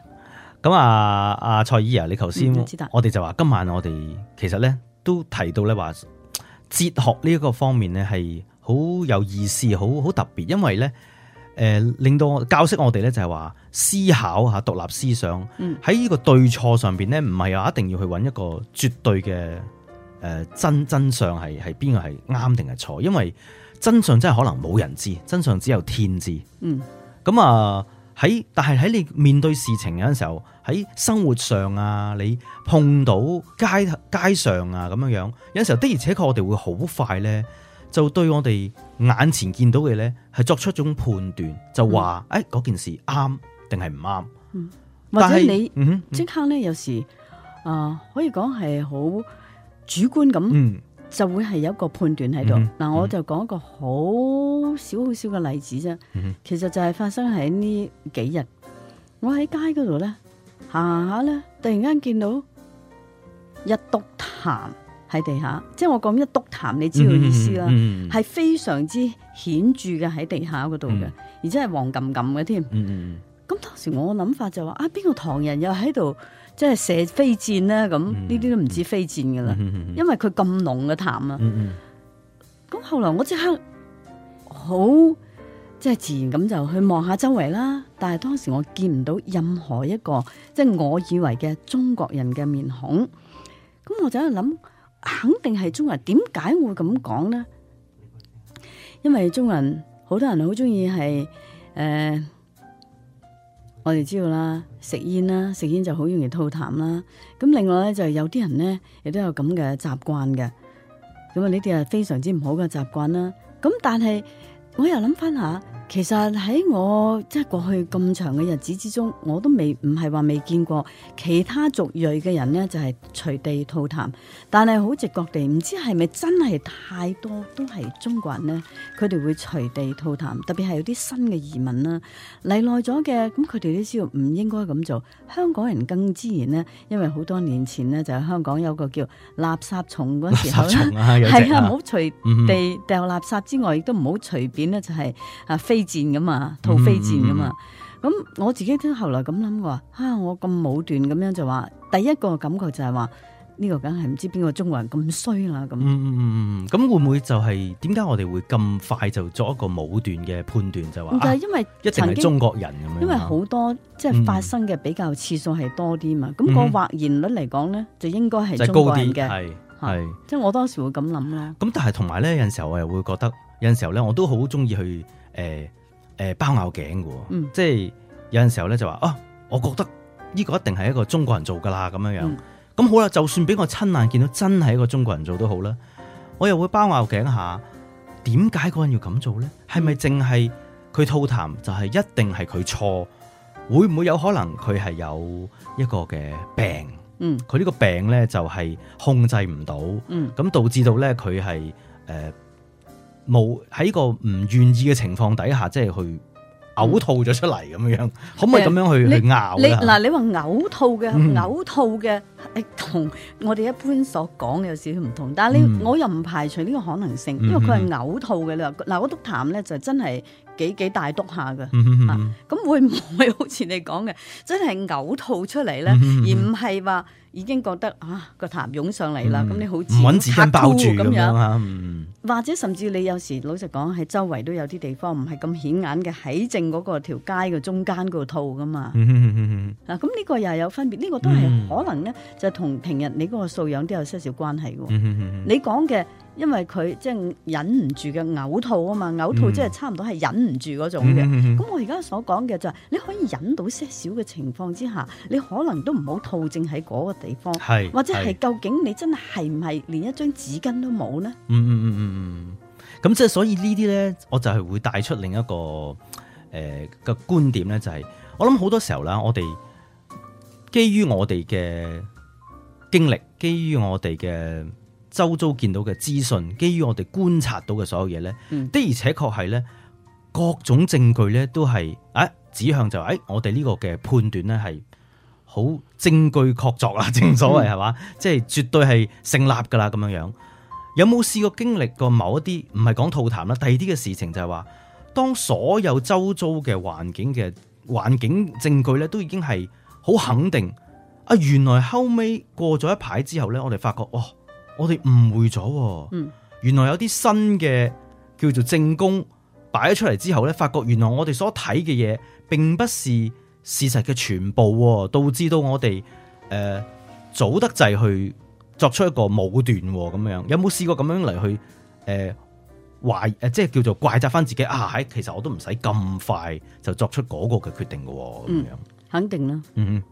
咁啊，阿蔡姨啊，你頭先、嗯、我哋就話今晚我哋其實咧都提到咧話哲學呢一個方面咧係好有意思，好好特別，因為咧。誒令到我教識我哋咧，就係話思考嚇獨立思想，喺呢個對錯上面咧，唔係話一定要去揾一個絕對嘅誒真真相係係邊個係啱定係錯，因為真相真係可能冇人知，真相只有天知嗯、啊。嗯，咁啊喺但係喺你面對事情有陣時候喺生活上啊，你碰到街街上啊咁樣樣有陣時候的而且確我哋會好快咧。就對我哋眼前見到嘅咧，係作出一種判斷，就話誒嗰件事啱定係唔啱。或者你即、嗯嗯、刻咧，有時啊、呃，可以講係好主觀咁，嗯、就會係有一個判斷喺度。嗱、嗯，我就講一個好少好少嘅例子啫。嗯、哼其實就係發生喺呢幾日，我喺街嗰度咧，行行下咧突然間見到一篤痰。喺地下，即係我講一督痰，你知道的意思啦，係、嗯嗯、非常之顯著嘅喺地下嗰度嘅，嗯、而且係黃冧冧嘅添。咁、嗯、當時我諗法就話、是、啊，邊個唐人又喺度即係射飛箭咧？咁呢啲都唔止飛箭噶啦，嗯嗯、因為佢咁濃嘅痰啊。咁、嗯、後來我很很即刻好即係自然咁就去望下周圍啦，但係當時我見唔到任何一個即係、就是、我以為嘅中國人嘅面孔，咁我就喺度諗。肯定係中國人，點解會咁講咧？因為中國人好多人好中意係誒，我哋知道啦，食煙啦，食煙就好容易吐痰啦。咁另外咧，就係有啲人咧，亦都有咁嘅習慣嘅。咁啊，呢啲係非常之唔好嘅習慣啦。咁但係我又諗翻下。其實喺我即係過去咁長嘅日子之中，我都未唔係話未見過其他族裔嘅人呢就係、是、隨地吐痰。但係好直覺地，唔知係咪真係太多都係中國人呢。佢哋會隨地吐痰，特別係有啲新嘅移民啦，嚟耐咗嘅，咁佢哋都知道唔應該咁做。香港人更自然呢，因為好多年前呢，就係、是、香港有個叫垃圾蟲嗰時候啦，係啊，唔好、啊啊、隨地掉垃圾之外，亦、嗯、哼都唔好隨便呢，就係啊飛飛戰㗎嘛，套飛戰咁嘛。咁、嗯、我自己都後來咁諗過，啊，我咁武斷咁樣就話，第一個感覺就係話呢個梗係唔知邊個中國人咁衰啦咁。嗯咁會唔會就係點解我哋會咁快就作一個武斷嘅判斷就話，就係因為曾經、啊、一定係中國人咁樣，因為好多即係、就是、發生嘅比較次數係多啲嘛，咁、嗯、個或然率嚟講咧，就應該係高啲嘅，係係，即係是是我當時會咁諗啦。咁但係同埋咧，有陣時候我又會覺得，有陣時候咧，我都好中意去。誒誒、呃呃，包拗頸嘅，嗯、即係有陣時候咧就話，啊，我覺得呢個一定係一個中國人做噶啦，咁樣樣。咁、嗯、好啦，就算俾我親眼見到真係一個中國人做都好啦，我又會包拗頸下，點解嗰人要咁做咧？係咪淨係佢吐痰就係一定係佢錯？會唔會有可能佢係有一個嘅病？嗯，佢呢個病咧就係、是、控制唔到，嗯，咁導致到咧佢係誒。冇喺個唔願意嘅情況底下，即係去嘔吐咗出嚟咁樣，嗯、可唔可以咁樣去去拗、呃？你嗱，你話嘔吐嘅嘔吐嘅，同、哎、我哋一般所講嘅有少少唔同，但係你、嗯、我又唔排除呢個可能性，因為佢係嘔吐嘅、嗯、你話。嗱，嗰啲痰咧就是、真係。幾幾大督下嘅，嗯、哼哼啊，咁會唔會好似你講嘅，真係嘔吐出嚟咧？嗯、哼哼而唔係話已經覺得啊個痰湧上嚟啦，咁、嗯、哼你好似吓到咁樣，嗯、哼或者甚至你有時老實講，喺周圍都有啲地方唔係咁顯眼嘅，喺正嗰、嗰個條街嘅中間嗰度吐噶嘛，嗱、嗯，咁呢、啊、個又有分別，呢、呢個都係可能咧，嗯、哼哼就同平日你嗰個素養都有些少關係嘅，嗯、哼哼你講嘅。因為佢即係忍唔住嘅嘔吐啊嘛，嘔吐即係差唔多係忍唔住嗰種嘅。咁、嗯嗯嗯嗯、我而家所講嘅就係，你可以忍到些少嘅情況之下，你可能都唔好吐正喺嗰個地方，或者係究竟你真係唔係連一張紙巾都冇呢？嗯嗯嗯嗯嗯。咁即係所以呢啲咧，我就係會帶出另一個誒嘅、呃、觀點咧、就係，就係我諗好多時候啦，我哋基於我哋嘅經歷，基於我哋嘅。周遭見到嘅資訊，基於我哋觀察到嘅所有嘢呢，嗯、的而且確係呢各種證據呢，都係誒指向就誒、是哎、我哋呢個嘅判斷呢係好證據確鑿啊，正所謂係嘛，是嗯、即係絕對係成立噶啦。咁樣樣有冇試過經歷過某一啲唔係講吐痰啦？第二啲嘅事情就係話，當所有周遭嘅環境嘅環境證據呢，都已經係好肯定、嗯、啊，原來後尾過咗一排之後呢，我哋發覺哇。哦我哋誤會咗，原來有啲新嘅叫做正宮擺咗出嚟之後咧，發覺原來我哋所睇嘅嘢並不是事實嘅全部，導致到我哋誒、呃、早得滯去作出一個武斷咁樣。有冇試過咁樣嚟去誒懷誒，即係叫做怪責返自己啊？係其實我都唔使咁快就作出嗰個嘅決定嘅咁樣、嗯。肯定啦，嗯嗯，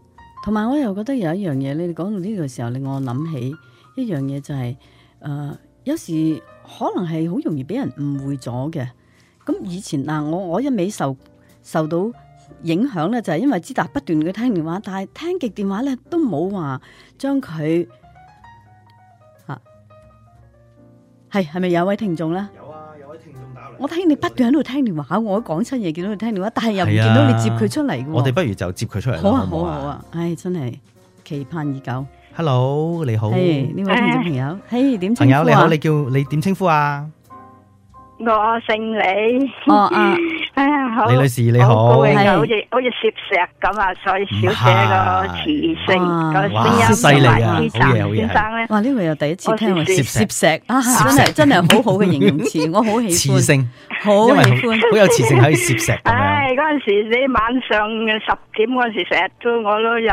同埋我又覺得有一樣嘢，你哋講到呢個時候，令我諗起。一樣嘢就係、是，誒、呃，有時可能係好容易俾人誤會咗嘅。咁以前嗱、呃，我我一味受受到影響咧，就係、是、因為知達不斷嘅聽電話，但係聽極電話咧都冇話將佢，吓、啊，係係咪有位聽眾咧？有啊，有位聽眾打嚟。我聽你不斷喺度聽電話，我講親嘢見到佢聽電話，但係又唔見到你接佢出嚟、啊。我哋不如就接佢出嚟。好啊，好啊，好啊，唉，真係期盼已久。hello，你好，呢位先生朋友，朋友你好，你叫你點稱呼啊？我姓李，哦，哎呀，李女士你好，係好似好似攝石咁啊，所以小姐個磁性個聲音犀利啊。先生咧，哇，呢位又第一次聽我攝石啊，真係真係好好嘅形容詞，我好喜歡，磁性好喜歡，好有磁性可以攝石，唉，嗰陣時你晚上十點嗰陣時成日都我都有。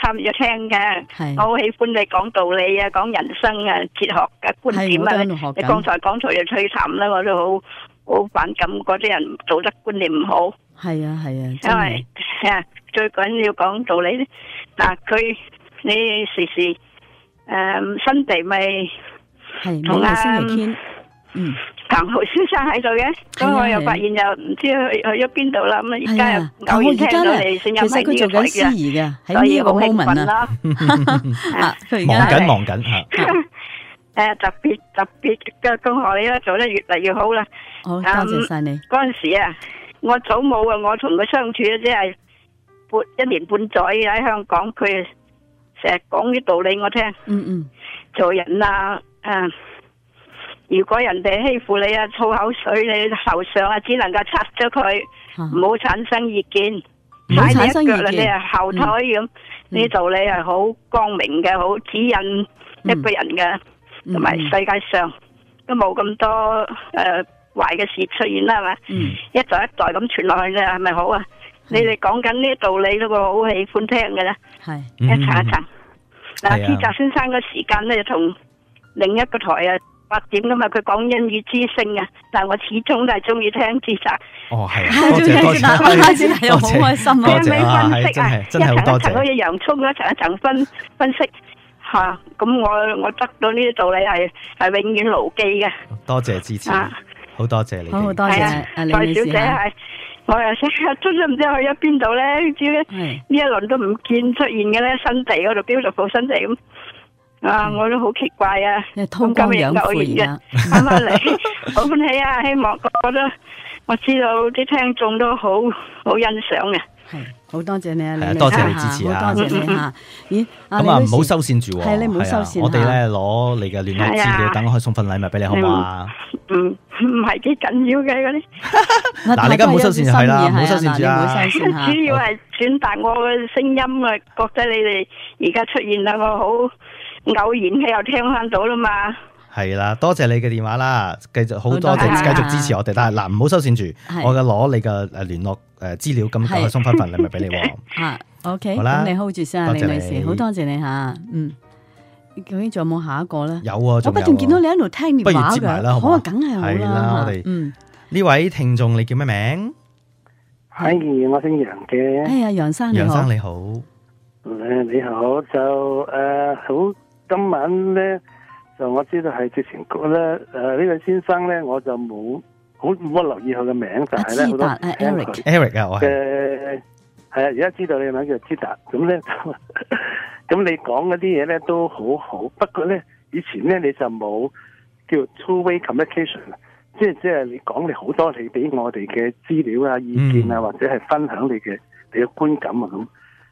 參入聽嘅，是我好喜歡你講道理啊，講人生啊，哲學嘅、啊、觀點啊。你剛才講出嚟就摧殘啦，我都好好反感嗰啲人道德觀念唔好。係啊係啊，啊因為啊最緊要講道理。嗱、啊，佢你時時誒新地咪同阿嗯。陳豪先生喺度嘅，咁我又發現又唔知去去咗邊度啦。咁而家又偶然聽到你，算有乜嘢嘅回憶啊？所以我好興奮啦。忙緊忙緊吓，誒，特別特別嘅恭喜，你咧做得越嚟越好啦。好，多謝晒你。嗰陣時啊，我祖母啊，我同佢相處即係半一年半載喺香港，佢成日講啲道理我聽。嗯嗯，做人啊，誒。如果人哋欺負你啊，吐口水你頭上啊，只能夠擦咗佢，唔好產生意見，踩你一腳啦，你啊後退咁，呢道理係好光明嘅，好指引一個人嘅，同埋世界上都冇咁多誒壞嘅事出現啦，係咪？一代一代咁傳落去咧，係咪好啊？你哋講緊呢道理都會好喜歡聽嘅啦，係一層一層。嗱，朱澤先生嘅時間咧，就同另一個台啊。發展噶嘛？佢講英語之聲、哦、啊，但係我始終都係中意聽《自殺》。哦，係，多謝多謝，多好多謝。佢一分析啊，謝謝啊謝謝，一層一層嗰隻洋蔥，一層一層分分析吓。咁、啊、我我得到呢啲道理係係永遠牢記嘅。啊、多謝支持，好多謝你好，好多謝蔡小姐係。我又想，啊、都都唔知去咗邊度咧？呢呢呢一輪都唔見出現嘅咧，新地嗰度標到個新地咁。啊！我都好奇怪啊，咁今日偶然嘅，翻返嚟好歡喜啊！希望我覺得，我知道啲聽眾都好好欣賞嘅，係好多謝你啊！多謝你支持啊！多謝你吓，咦？咁啊唔好收線住喎，係你唔好收線，我哋咧攞你嘅聯絡資料，等我去送份禮物俾你，好唔好啊？嗯，唔係幾緊要嘅嗰啲，嗱你而家唔好收線就係啦，唔好收線住，主要係轉達我嘅聲音啊！覺得你哋而家出現啊，我好。偶然佢又聽翻到啦嘛，係啦，多謝你嘅電話啦，繼續好多謝，繼續支持我哋。但係嗱，唔好收綫住，我嘅攞你嘅聯絡誒資料，咁就送翻份禮物俾你。啊，OK，好啦，你好，hold 住先啊，李女士，好多謝你吓，嗯，咁仲有冇下一個咧？有啊，我不斷見到你喺度聽電話嘅，不如接埋啦，好啊，梗係好啦。係啦，我哋，嗯，呢位聽眾你叫咩名？係我姓楊嘅，係啊，楊生你好，楊生你好，誒你好就誒好。今晚咧就我知道係之前咧，誒呢位先生咧我就冇好冇留意佢嘅名，但係咧好多次聽佢 Eric 係啊，而家知道你嘅名叫 t i 知達。咁咧，咁你講嗰啲嘢咧都好好，不過咧以前咧你就冇叫 two-way communication，即係即係你講你好多你俾我哋嘅資料啊、意見啊，或者係分享你嘅你嘅觀感啊咁。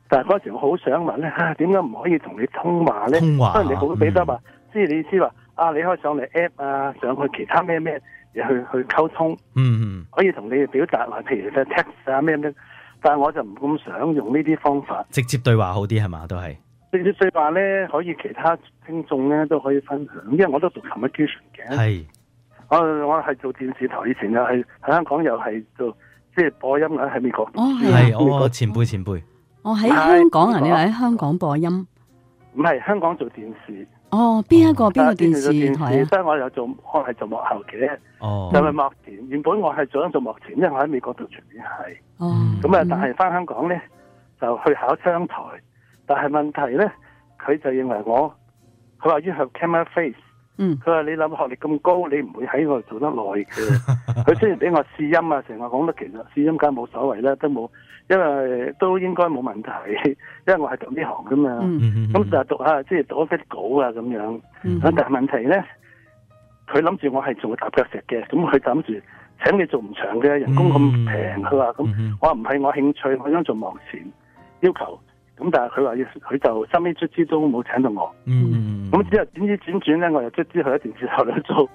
但係嗰時我好想問咧，啊點解唔可以同你通話咧？通話，不如你俾俾得嘛？即係、嗯、你意思話啊，你可以上嚟 App 啊，上去其他咩咩嘢去去溝通？嗯嗯，可以同你哋表達埋，譬如嘅 text 啊咩咩，但係我就唔咁想用呢啲方法，直接對話好啲係嘛？都係直接對話咧，可以其他聽眾咧都可以分享，因為我都讀 communication 嘅。係、啊，我我係做電視台，以前又係喺香港又係做，即係播音啊喺美國。哦係，我前輩前輩。我喺、oh, Yes, 香港啊！你話喺香港播音，唔係香港做電視。哦，邊一個邊、嗯、個電視台所以我有做，我係做幕後嘅。哦，oh. 就係幕前。原本我係想做，做幕前，因為我喺美國度全面係。哦、oh. 嗯，咁啊，但係翻香港咧，就去考商台。但係問題咧，佢就認為我，佢話 you have camera face。嗯，佢話你諗學歷咁高，你唔會喺我度做得耐嘅。佢 雖然俾我試音啊，成日講得其實試音梗係冇所謂啦，都冇，因為都應該冇問題，因為我係讀呢行噶嘛。咁成日讀下，即、就、係、是、讀一啲稿啊咁樣。嗯、但係問題咧，佢諗住我係做踏腳石嘅，咁佢諗住，請你做唔長嘅，人工咁平，佢話咁，我唔係我興趣，我想做幕前要求。咁但係佢話要佢就身邊卒資都冇請到我，嗯，咁之後輾知轉轉咧，我又卒資佢一段時間嚟做，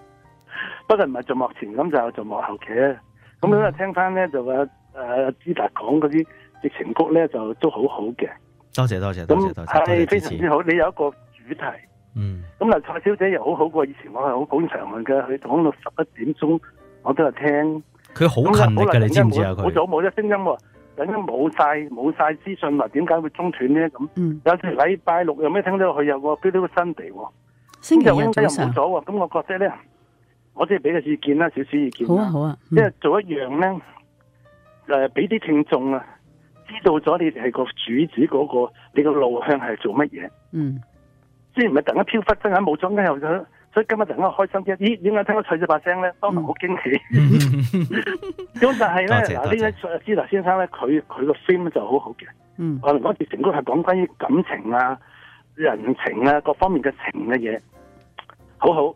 不過唔係做幕前咁就做幕後嘅。咁咧、嗯、聽翻咧就話誒阿朱達講嗰啲矽情谷咧就都好好嘅。多謝多謝，咁係那是非常之好。謝你有一個主題，嗯，咁嗱蔡小姐又好好過以前我，我係好捧場佢嘅，佢講到十一點鐘我都係聽，佢好勤力㗎，那你知唔知啊？佢好早冇咗聲音喎。等然冇晒冇晒資訊，話點解會中斷咧？咁、嗯、有時禮拜六有咩聽到佢有個飄到個新地，星座嘅嘢又冇咗。咁我覺得咧，我只係俾個意見啦，少少意見。好啊好啊，即係、啊嗯、做一樣咧，誒，俾啲聽眾啊，知道咗你哋係個主旨嗰、那個，你個路向係做乜嘢。嗯，即係唔係突然間飄忽真，突然間冇咗，所以今日突然間開心啲，咦？點解聽到脆咗把聲咧？當然好驚喜。咁但係咧，嗱呢個朱達先生咧，佢佢個 film 就好好嘅。嗯，我我哋成功係講關於感情啊、人情啊、各方面嘅情嘅嘢，好好。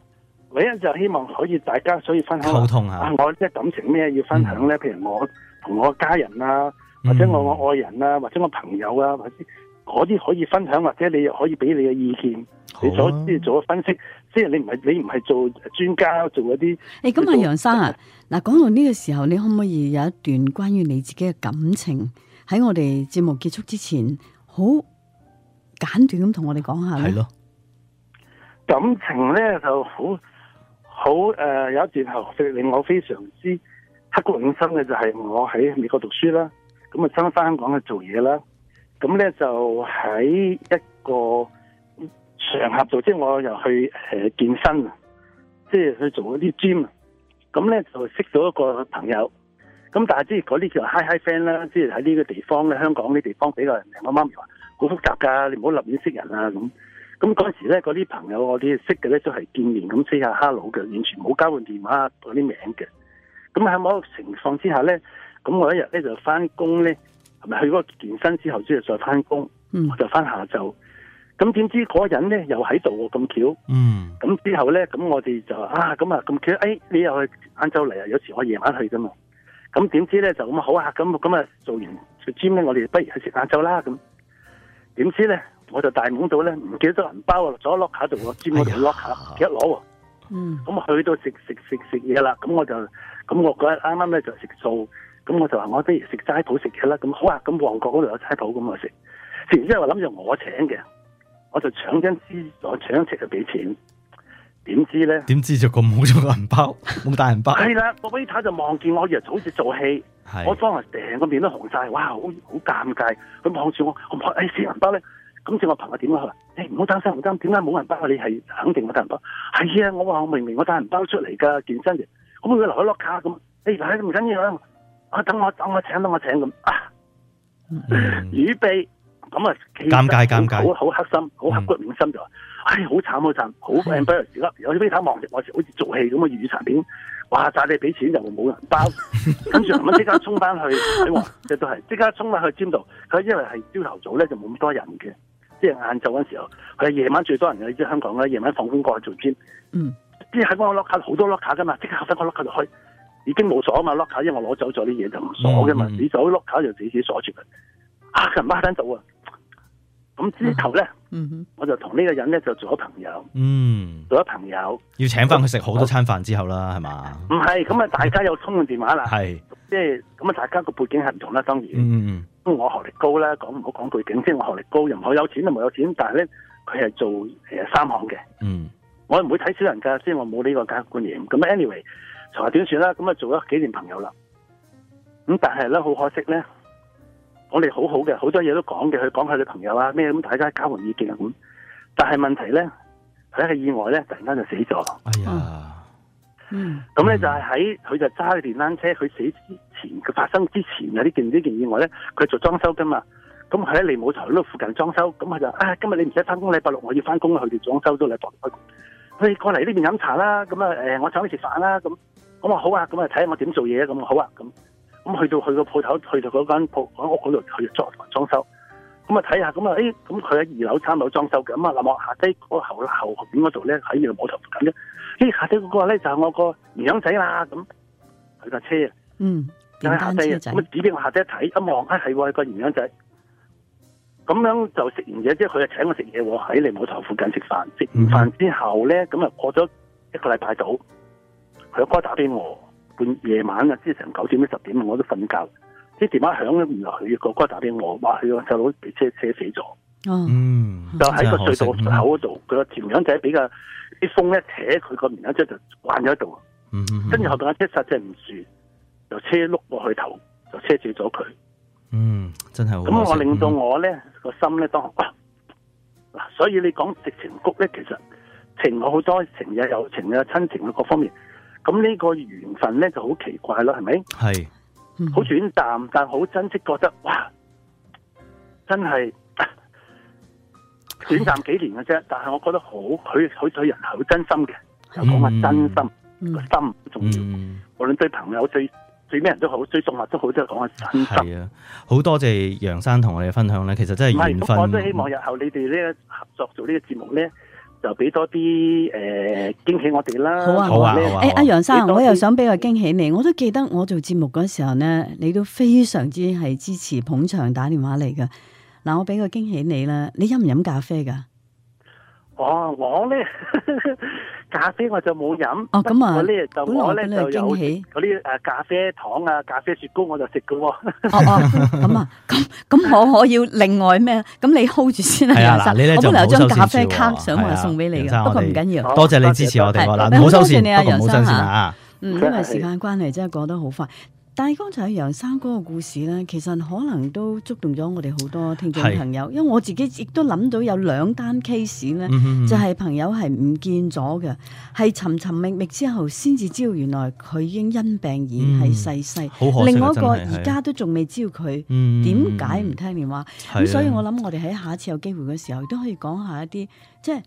唯一就希望可以大家所以分享下。好痛啊！啊我即係感情咩要分享咧？嗯、譬如我同我家人啊，或者我我愛人啊，或者我朋友啊，或者嗰啲可以分享，或者你可以俾你嘅意見，好啊、你所即做嘅分析。即係你唔係你唔係做專家做一啲，誒咁啊楊生啊，嗱講、呃、到呢個時候，你可唔可以有一段關於你自己嘅感情喺我哋節目結束之前，好簡短咁同我哋講下咧？係感情咧就好好誒，有一段後令我非常之刻骨銘心嘅就係我喺美國讀書啦，咁啊，新翻香港去做嘢啦，咁咧就喺一個場合做即係我又去誒、呃、健身，即係去做嗰啲 gym，咁咧就識到一個朋友。咁但係即係嗰啲叫 hi hi friend 啦，即係喺呢個地方咧，香港呢地方比較人名我媽咪話，好複雜㗎，你唔好立亂識人啊咁。咁嗰陣時咧，嗰啲朋友我哋識嘅咧都係見面咁 say 下 hello 嘅，完全冇交換電話嗰啲名嘅。咁喺某一個情況之下咧，咁我一日咧就翻工咧，係咪去嗰個健身之後之後、就是、再翻工？嗯、我就翻下晝。咁點知嗰人咧又喺度喎，咁巧，嗯，咁之後咧，咁我哋就啊，咁啊咁巧，哎，你又去晏晝嚟啊？有時我夜晚去噶嘛。咁點知咧就咁好啊？咁咁啊做完個尖咧，我哋不如去食晏晝啦。咁點知咧，我就大懵到咧，唔記得咗銀包啊，左攞下度個尖嗰度攞下，幾得攞啊？咁、哎、呀去到食食食食嘢啦，咁我就咁我嗰日啱啱咧就食素，咁我就話我不如食齋舖食嘢啦。咁好啊，咁旺角嗰度有齋舖，咁我食食完之後，我諗住我請嘅。我就搶緊支， 我搶緊隻去俾錢，點知咧？點知就個冇咗銀包，冇帶銀包。係啦，個 waiter 就望見我，以為好似做戲。的我方嚟成個面都紅晒。哇！好好尷尬。佢望住我，我唔開，誒、哎，銀包咧。咁正我朋友點佢話，誒唔好擔心，點解冇銀包？你係肯定冇帶銀包。係啊，我話我明明我帶銀包出嚟噶健身嘅，咁佢留喺碌卡。咁。誒、哎、嗱，唔緊要啦，啊等我等我，等我請等我請咁啊，嗯、 預備。咁啊，尷尬尷尬，好黑心，好刻骨骨銘心就話，唉、嗯哎，好慘好慘，好誒，比如時刻有啲飛探望住我時，好似做戲咁嘅粵語殘片，話曬你俾錢就冇人包，跟住咁尾即刻衝翻去，即都係即刻衝翻去尖度。佢因為係朝頭早咧就冇咁多人嘅，即係晏晝嗰時候，佢係夜晚最多人嘅，你知香港咧夜晚放工過去做尖，嗯，即係喺個 locker 好多 locker 噶嘛，即刻後身個 locker 度去，已經冇鎖啊嘛 locker，因為我攞走咗啲嘢就唔鎖嘅嘛，嗯、你走 locker 就自己鎖住佢，啊，唔啱得滯啊。咁之後咧，嗯嗯嗯、我就同呢個人咧就做咗朋友，嗯、做咗朋友，要請翻佢食好多餐飯之後啦，係嘛、嗯？唔係吧，咁啊大家有通過電話啦，係、嗯，即係咁啊大家個背景係唔同啦，當然，咁、嗯、我學歷高啦，講唔好講背景，即、就、係、是、我學歷高，又唔好有錢又冇有錢，但係咧佢係做誒、呃、三行嘅，嗯、我唔會睇小人噶，即係我冇呢個價值觀念，咁 Anyway，就係點算啦，咁啊做咗幾年朋友啦，咁但係咧好可惜咧。我哋好好嘅，好多嘢都講嘅，佢講下啲朋友啊咩咁，大家交換意見啊咁。但係問題咧，佢一個意外咧，突然間就死咗。哎呀，嗯，咁咧、嗯、就係喺佢就揸住電單車，佢死之前，佢發生之前啊呢件呢件意外咧，佢做裝修噶嘛。咁佢喺利舞台嗰度附近裝修，咁佢就啊、哎，今日你唔使翻工，禮拜六我要翻工佢哋裝修都禮拜六。佢過嚟呢邊飲茶啦，咁啊誒，我請你食飯啦，咁咁話好啊，咁啊睇下我點做嘢啊，咁好啊，咁。咁去到佢個鋪頭，去到嗰間鋪，喺屋嗰度去裝裝修。咁啊睇下，咁啊，誒，咁佢喺二樓三樓裝修嘅。咁啊，諗下下低嗰後後後邊嗰度咧，喺利舞台附近嘅。誒，下低嗰個咧就係我個綿羊仔啦。咁佢架車啊，嗯，下低。仔。咁啊，指俾我下低一睇，一望，哎，係喎，個綿羊仔。咁樣就食完嘢，即係佢就請我食嘢喎。喺利舞台附近食飯，食完飯之後咧，咁啊過咗一個禮拜度，佢阿哥、哥打俾我。半夜晚啊，即係，成九點到十點，我都瞓覺。啲電話響咗，原來佢個哥打俾我，話佢個細佬俾車車死咗。嗯。嗯，就喺個隧道口嗰度，佢個甜洋仔俾個啲風一扯，佢個面洋仔就慣咗度。嗯，跟住後邊架車剎正唔住，嗯、就車碌過去頭，就車住咗佢。嗯，真係咁我令到我咧、嗯、個心咧，當嗱、啊，所以你講矽情谷咧，其實情好多情嘅友情啊，親情啊，情各方面。咁呢個緣分咧就好奇怪啦，係咪？係，好短暫，但好珍惜，覺得哇，真係短暫幾年嘅啫。但係我覺得好，佢佢對人係好真心嘅，又講下真心個心重要。嗯嗯、無論對朋友、對對咩人都好，對動物都好，都要講下真心。係啊，好多謝楊生同我哋分享咧，其實真係緣分。不我都希望日後你哋呢合作做個節呢個節目咧。就俾多啲誒、呃、驚喜我哋啦，好、啊！好啊，好啊，誒阿、啊啊欸、楊生，我又想俾個驚喜你，我都記得我做節目嗰時候呢，你都非常之係支持捧場打電話嚟嘅。嗱，我俾個驚喜你啦！你飲唔飲咖啡㗎？啊？我我咧 咖啡我就冇飲，哦、啊，呢就本來我呢就有嗰啲誒咖啡糖啊，咖啡雪糕我就食噶喎。哦哦，咁 啊，咁咁我我要另外咩？咁你 hold 住先啊，楊生，我本來有張咖啡卡想話送俾你噶，不過唔緊要，多謝你支持我哋個，好，收線。多謝你，楊生啊，嗯，因為時間關係真係過得好快。 嗯但係剛才楊生嗰個故事咧，其實可能都觸動咗我哋好多聽眾朋友，是因為我自己亦都諗到有兩單 case 咧，嗯嗯就係朋友係唔見咗嘅，係尋尋覓覓之後先至知道原來佢已經因病而係逝世。嗯、好可惜！另外一個而家都仲未知道佢點解唔聽電話，咁、嗯、所以我諗我哋喺下一次有機會嘅時候，都可以講下一啲即係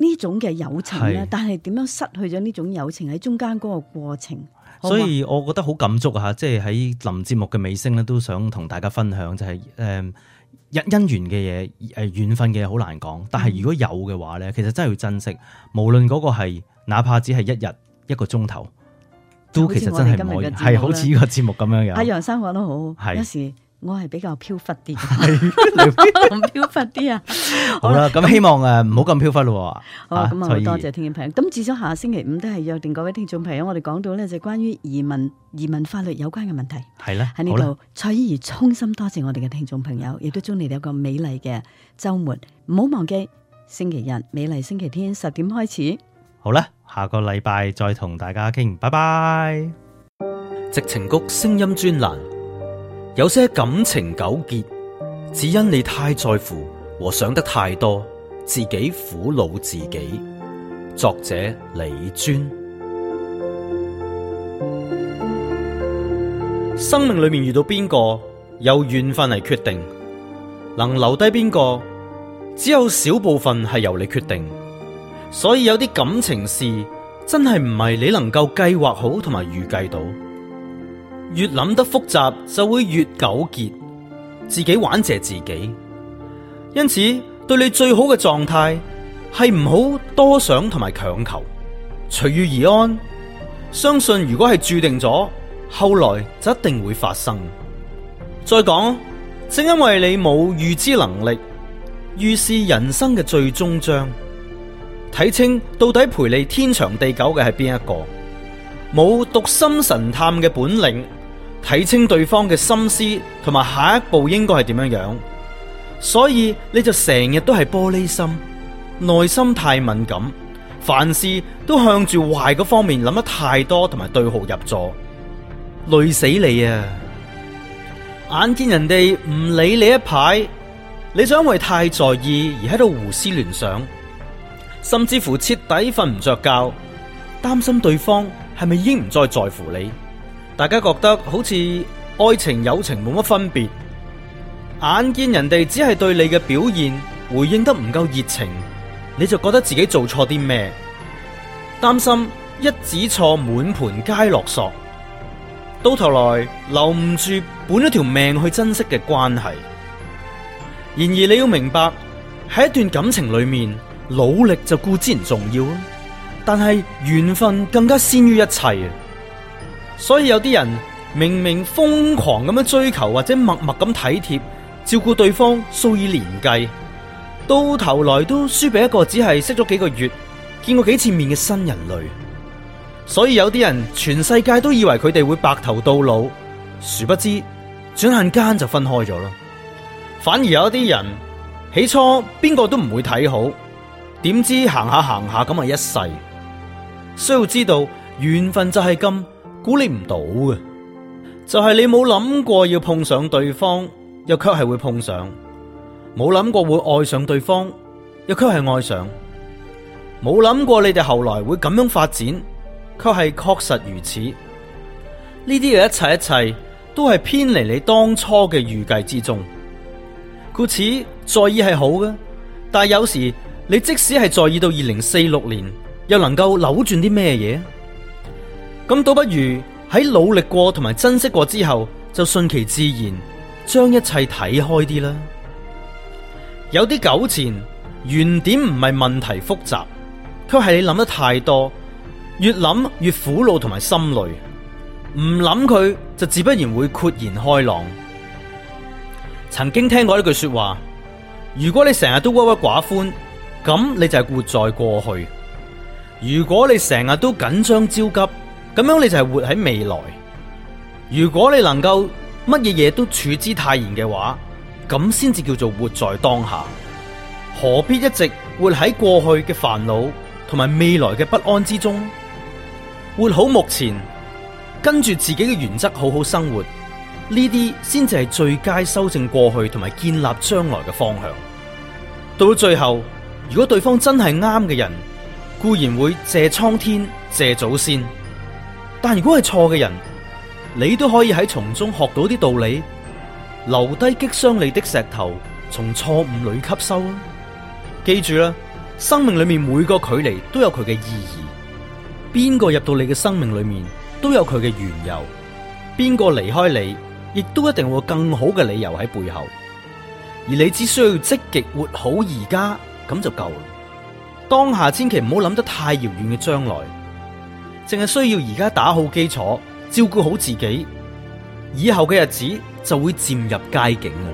呢種嘅友情咧，是但係點樣失去咗呢種友情喺中間嗰個過程。啊、所以我覺得好感觸啊，即係喺臨節目嘅尾聲咧，都想同大家分享，就係、是、誒、嗯，因因緣嘅嘢，誒、呃，緣分嘅嘢好難講，但係如果有嘅話咧，其實真係要珍惜，無論嗰個係，哪怕只係一日一個鐘頭，都其實真係唔可以，係好似呢個節目咁樣嘅。阿楊生講得好，係是。我係比較飄忽啲，咁飄忽啲啊！好啦，咁希望誒唔好咁飄忽咯。好啊，咁啊多謝聽眾朋友。咁至少下星期五都係約定各位聽眾朋友，我哋講到呢就關於移民、移民法律有關嘅問題。係啦，喺呢度蔡綺儀衷心多謝我哋嘅聽眾朋友，亦都祝你哋有個美麗嘅周末。唔好忘記星期日美麗星期天十點開始。好啦，下個禮拜再同大家傾，拜拜。矽情谷聲音專欄。有些感情糾結，只因你太在乎和想得太多，自己苦惱自己。作者：李尊。生命裏面遇到邊個，由緣分嚟決定；能留低邊個，只有少部分係由你決定。所以，有啲感情事，真係唔係你能夠計劃好同埋預計到。越諗得複雜就會越糾結，自己玩謝自己。因此，對你最好嘅狀態係唔好多想同埋強求，隨遇而安。相信如果係注定咗，後來就一定會發生。再講，正因為你冇預知能力，預視人生嘅最終章，睇清到底陪你天長地久嘅係邊一個，冇讀心神探嘅本領。睇清對方嘅心思同埋下一步應該係點樣樣，所以你就成日都係玻璃心，內心太敏感，凡事都向住壞嗰方面諗得太多，同埋對號入座，累死你啊！眼見人哋唔理你一排，你就因為太在意而喺度胡思亂想，甚至乎徹底瞓唔着覺，擔心對方係咪已經唔再在乎你。大家覺得好似愛情、友情冇乜分別，眼見人哋只係對你嘅表現回應得唔夠熱情，你就覺得自己做錯啲咩，擔心一子錯滿盤皆落索，到頭來留唔住本咗條命去珍惜嘅關係。然而你要明白，喺一段感情裏面，努力就固然重要，但係緣分更加先於一切。所以有啲人明明瘋狂咁樣追求，或者默默咁體貼照顧對方，數以年計，到頭來都輸俾一個只係識咗幾個月、見過幾次面嘅新人類。所以有啲人全世界都以為佢哋會白頭到老，殊不知轉眼間就分開咗啦。反而有啲人起初邊個都唔會睇好，點知行下行下咁啊一世。需要知道緣分就係咁。估你唔到嘅，就係你冇諗過要碰上對方，又卻係會碰上；冇諗過會愛上對方，又卻係愛上；冇諗過你哋後來會咁樣發展，卻係確實如此。呢啲嘅一切一切，都係偏離你當初嘅預計之中。故此在意係好嘅，但係有時你即使係在意到二零四六年，又能夠扭轉啲咩嘢？咁倒不如喺努力過同埋珍惜過之後，就順其自然，將一切睇開啲啦。有啲糾纏，原點唔係問題複雜，卻係你諗得太多，越諗越苦惱同埋心累，唔諗佢就自不然會豁然開朗。曾經聽過一句說話：如果你成日都鬱鬱寡歡，咁你就係活在過去；如果你成日都緊張焦急，咁樣你就係活喺未來。如果你能夠乜嘢嘢都處之泰然嘅話，咁先至叫做活在當下。何必一直活喺過去嘅煩惱同埋未來嘅不安之中？活好目前，跟住自己嘅原則好好生活，呢啲先至係最佳修正過去同埋建立將來嘅方向。到最後，如果對方真係啱嘅人，固然會謝蒼天，謝祖先。但如果係錯嘅人，你都可以喺從中學到啲道理，留低擊傷你的石頭，從錯誤裏吸收啊！記住啦，生命裏面每個距離都有佢嘅意義，邊個入到你嘅生命裏面都有佢嘅緣由，邊個離開你亦都一定會有更好嘅理由喺背後，而你只需要積極活好而家，咁就夠啦。當下千祈唔好諗得太遙遠嘅將來。淨係需要而家打好基礎，照顧好自己，以後嘅日子就會漸入佳境啦。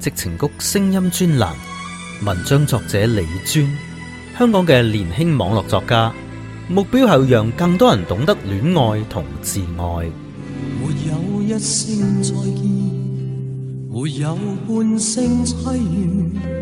矽情谷聲音專欄文章作者李尊，香港嘅年輕網絡作家，目標係讓更多人懂得戀愛同自愛。沒有一聲再見，沒有半聲淒怨。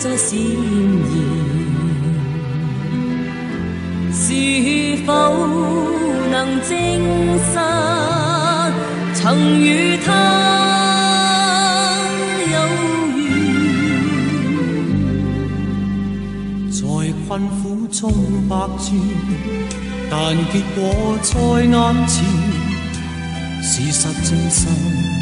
在閃現，是否能證實曾與他有緣？在困苦中百轉，但結果在眼前，事實真神。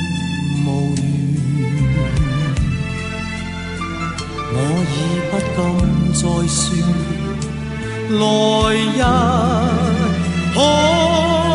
我已不敢再說，來日可。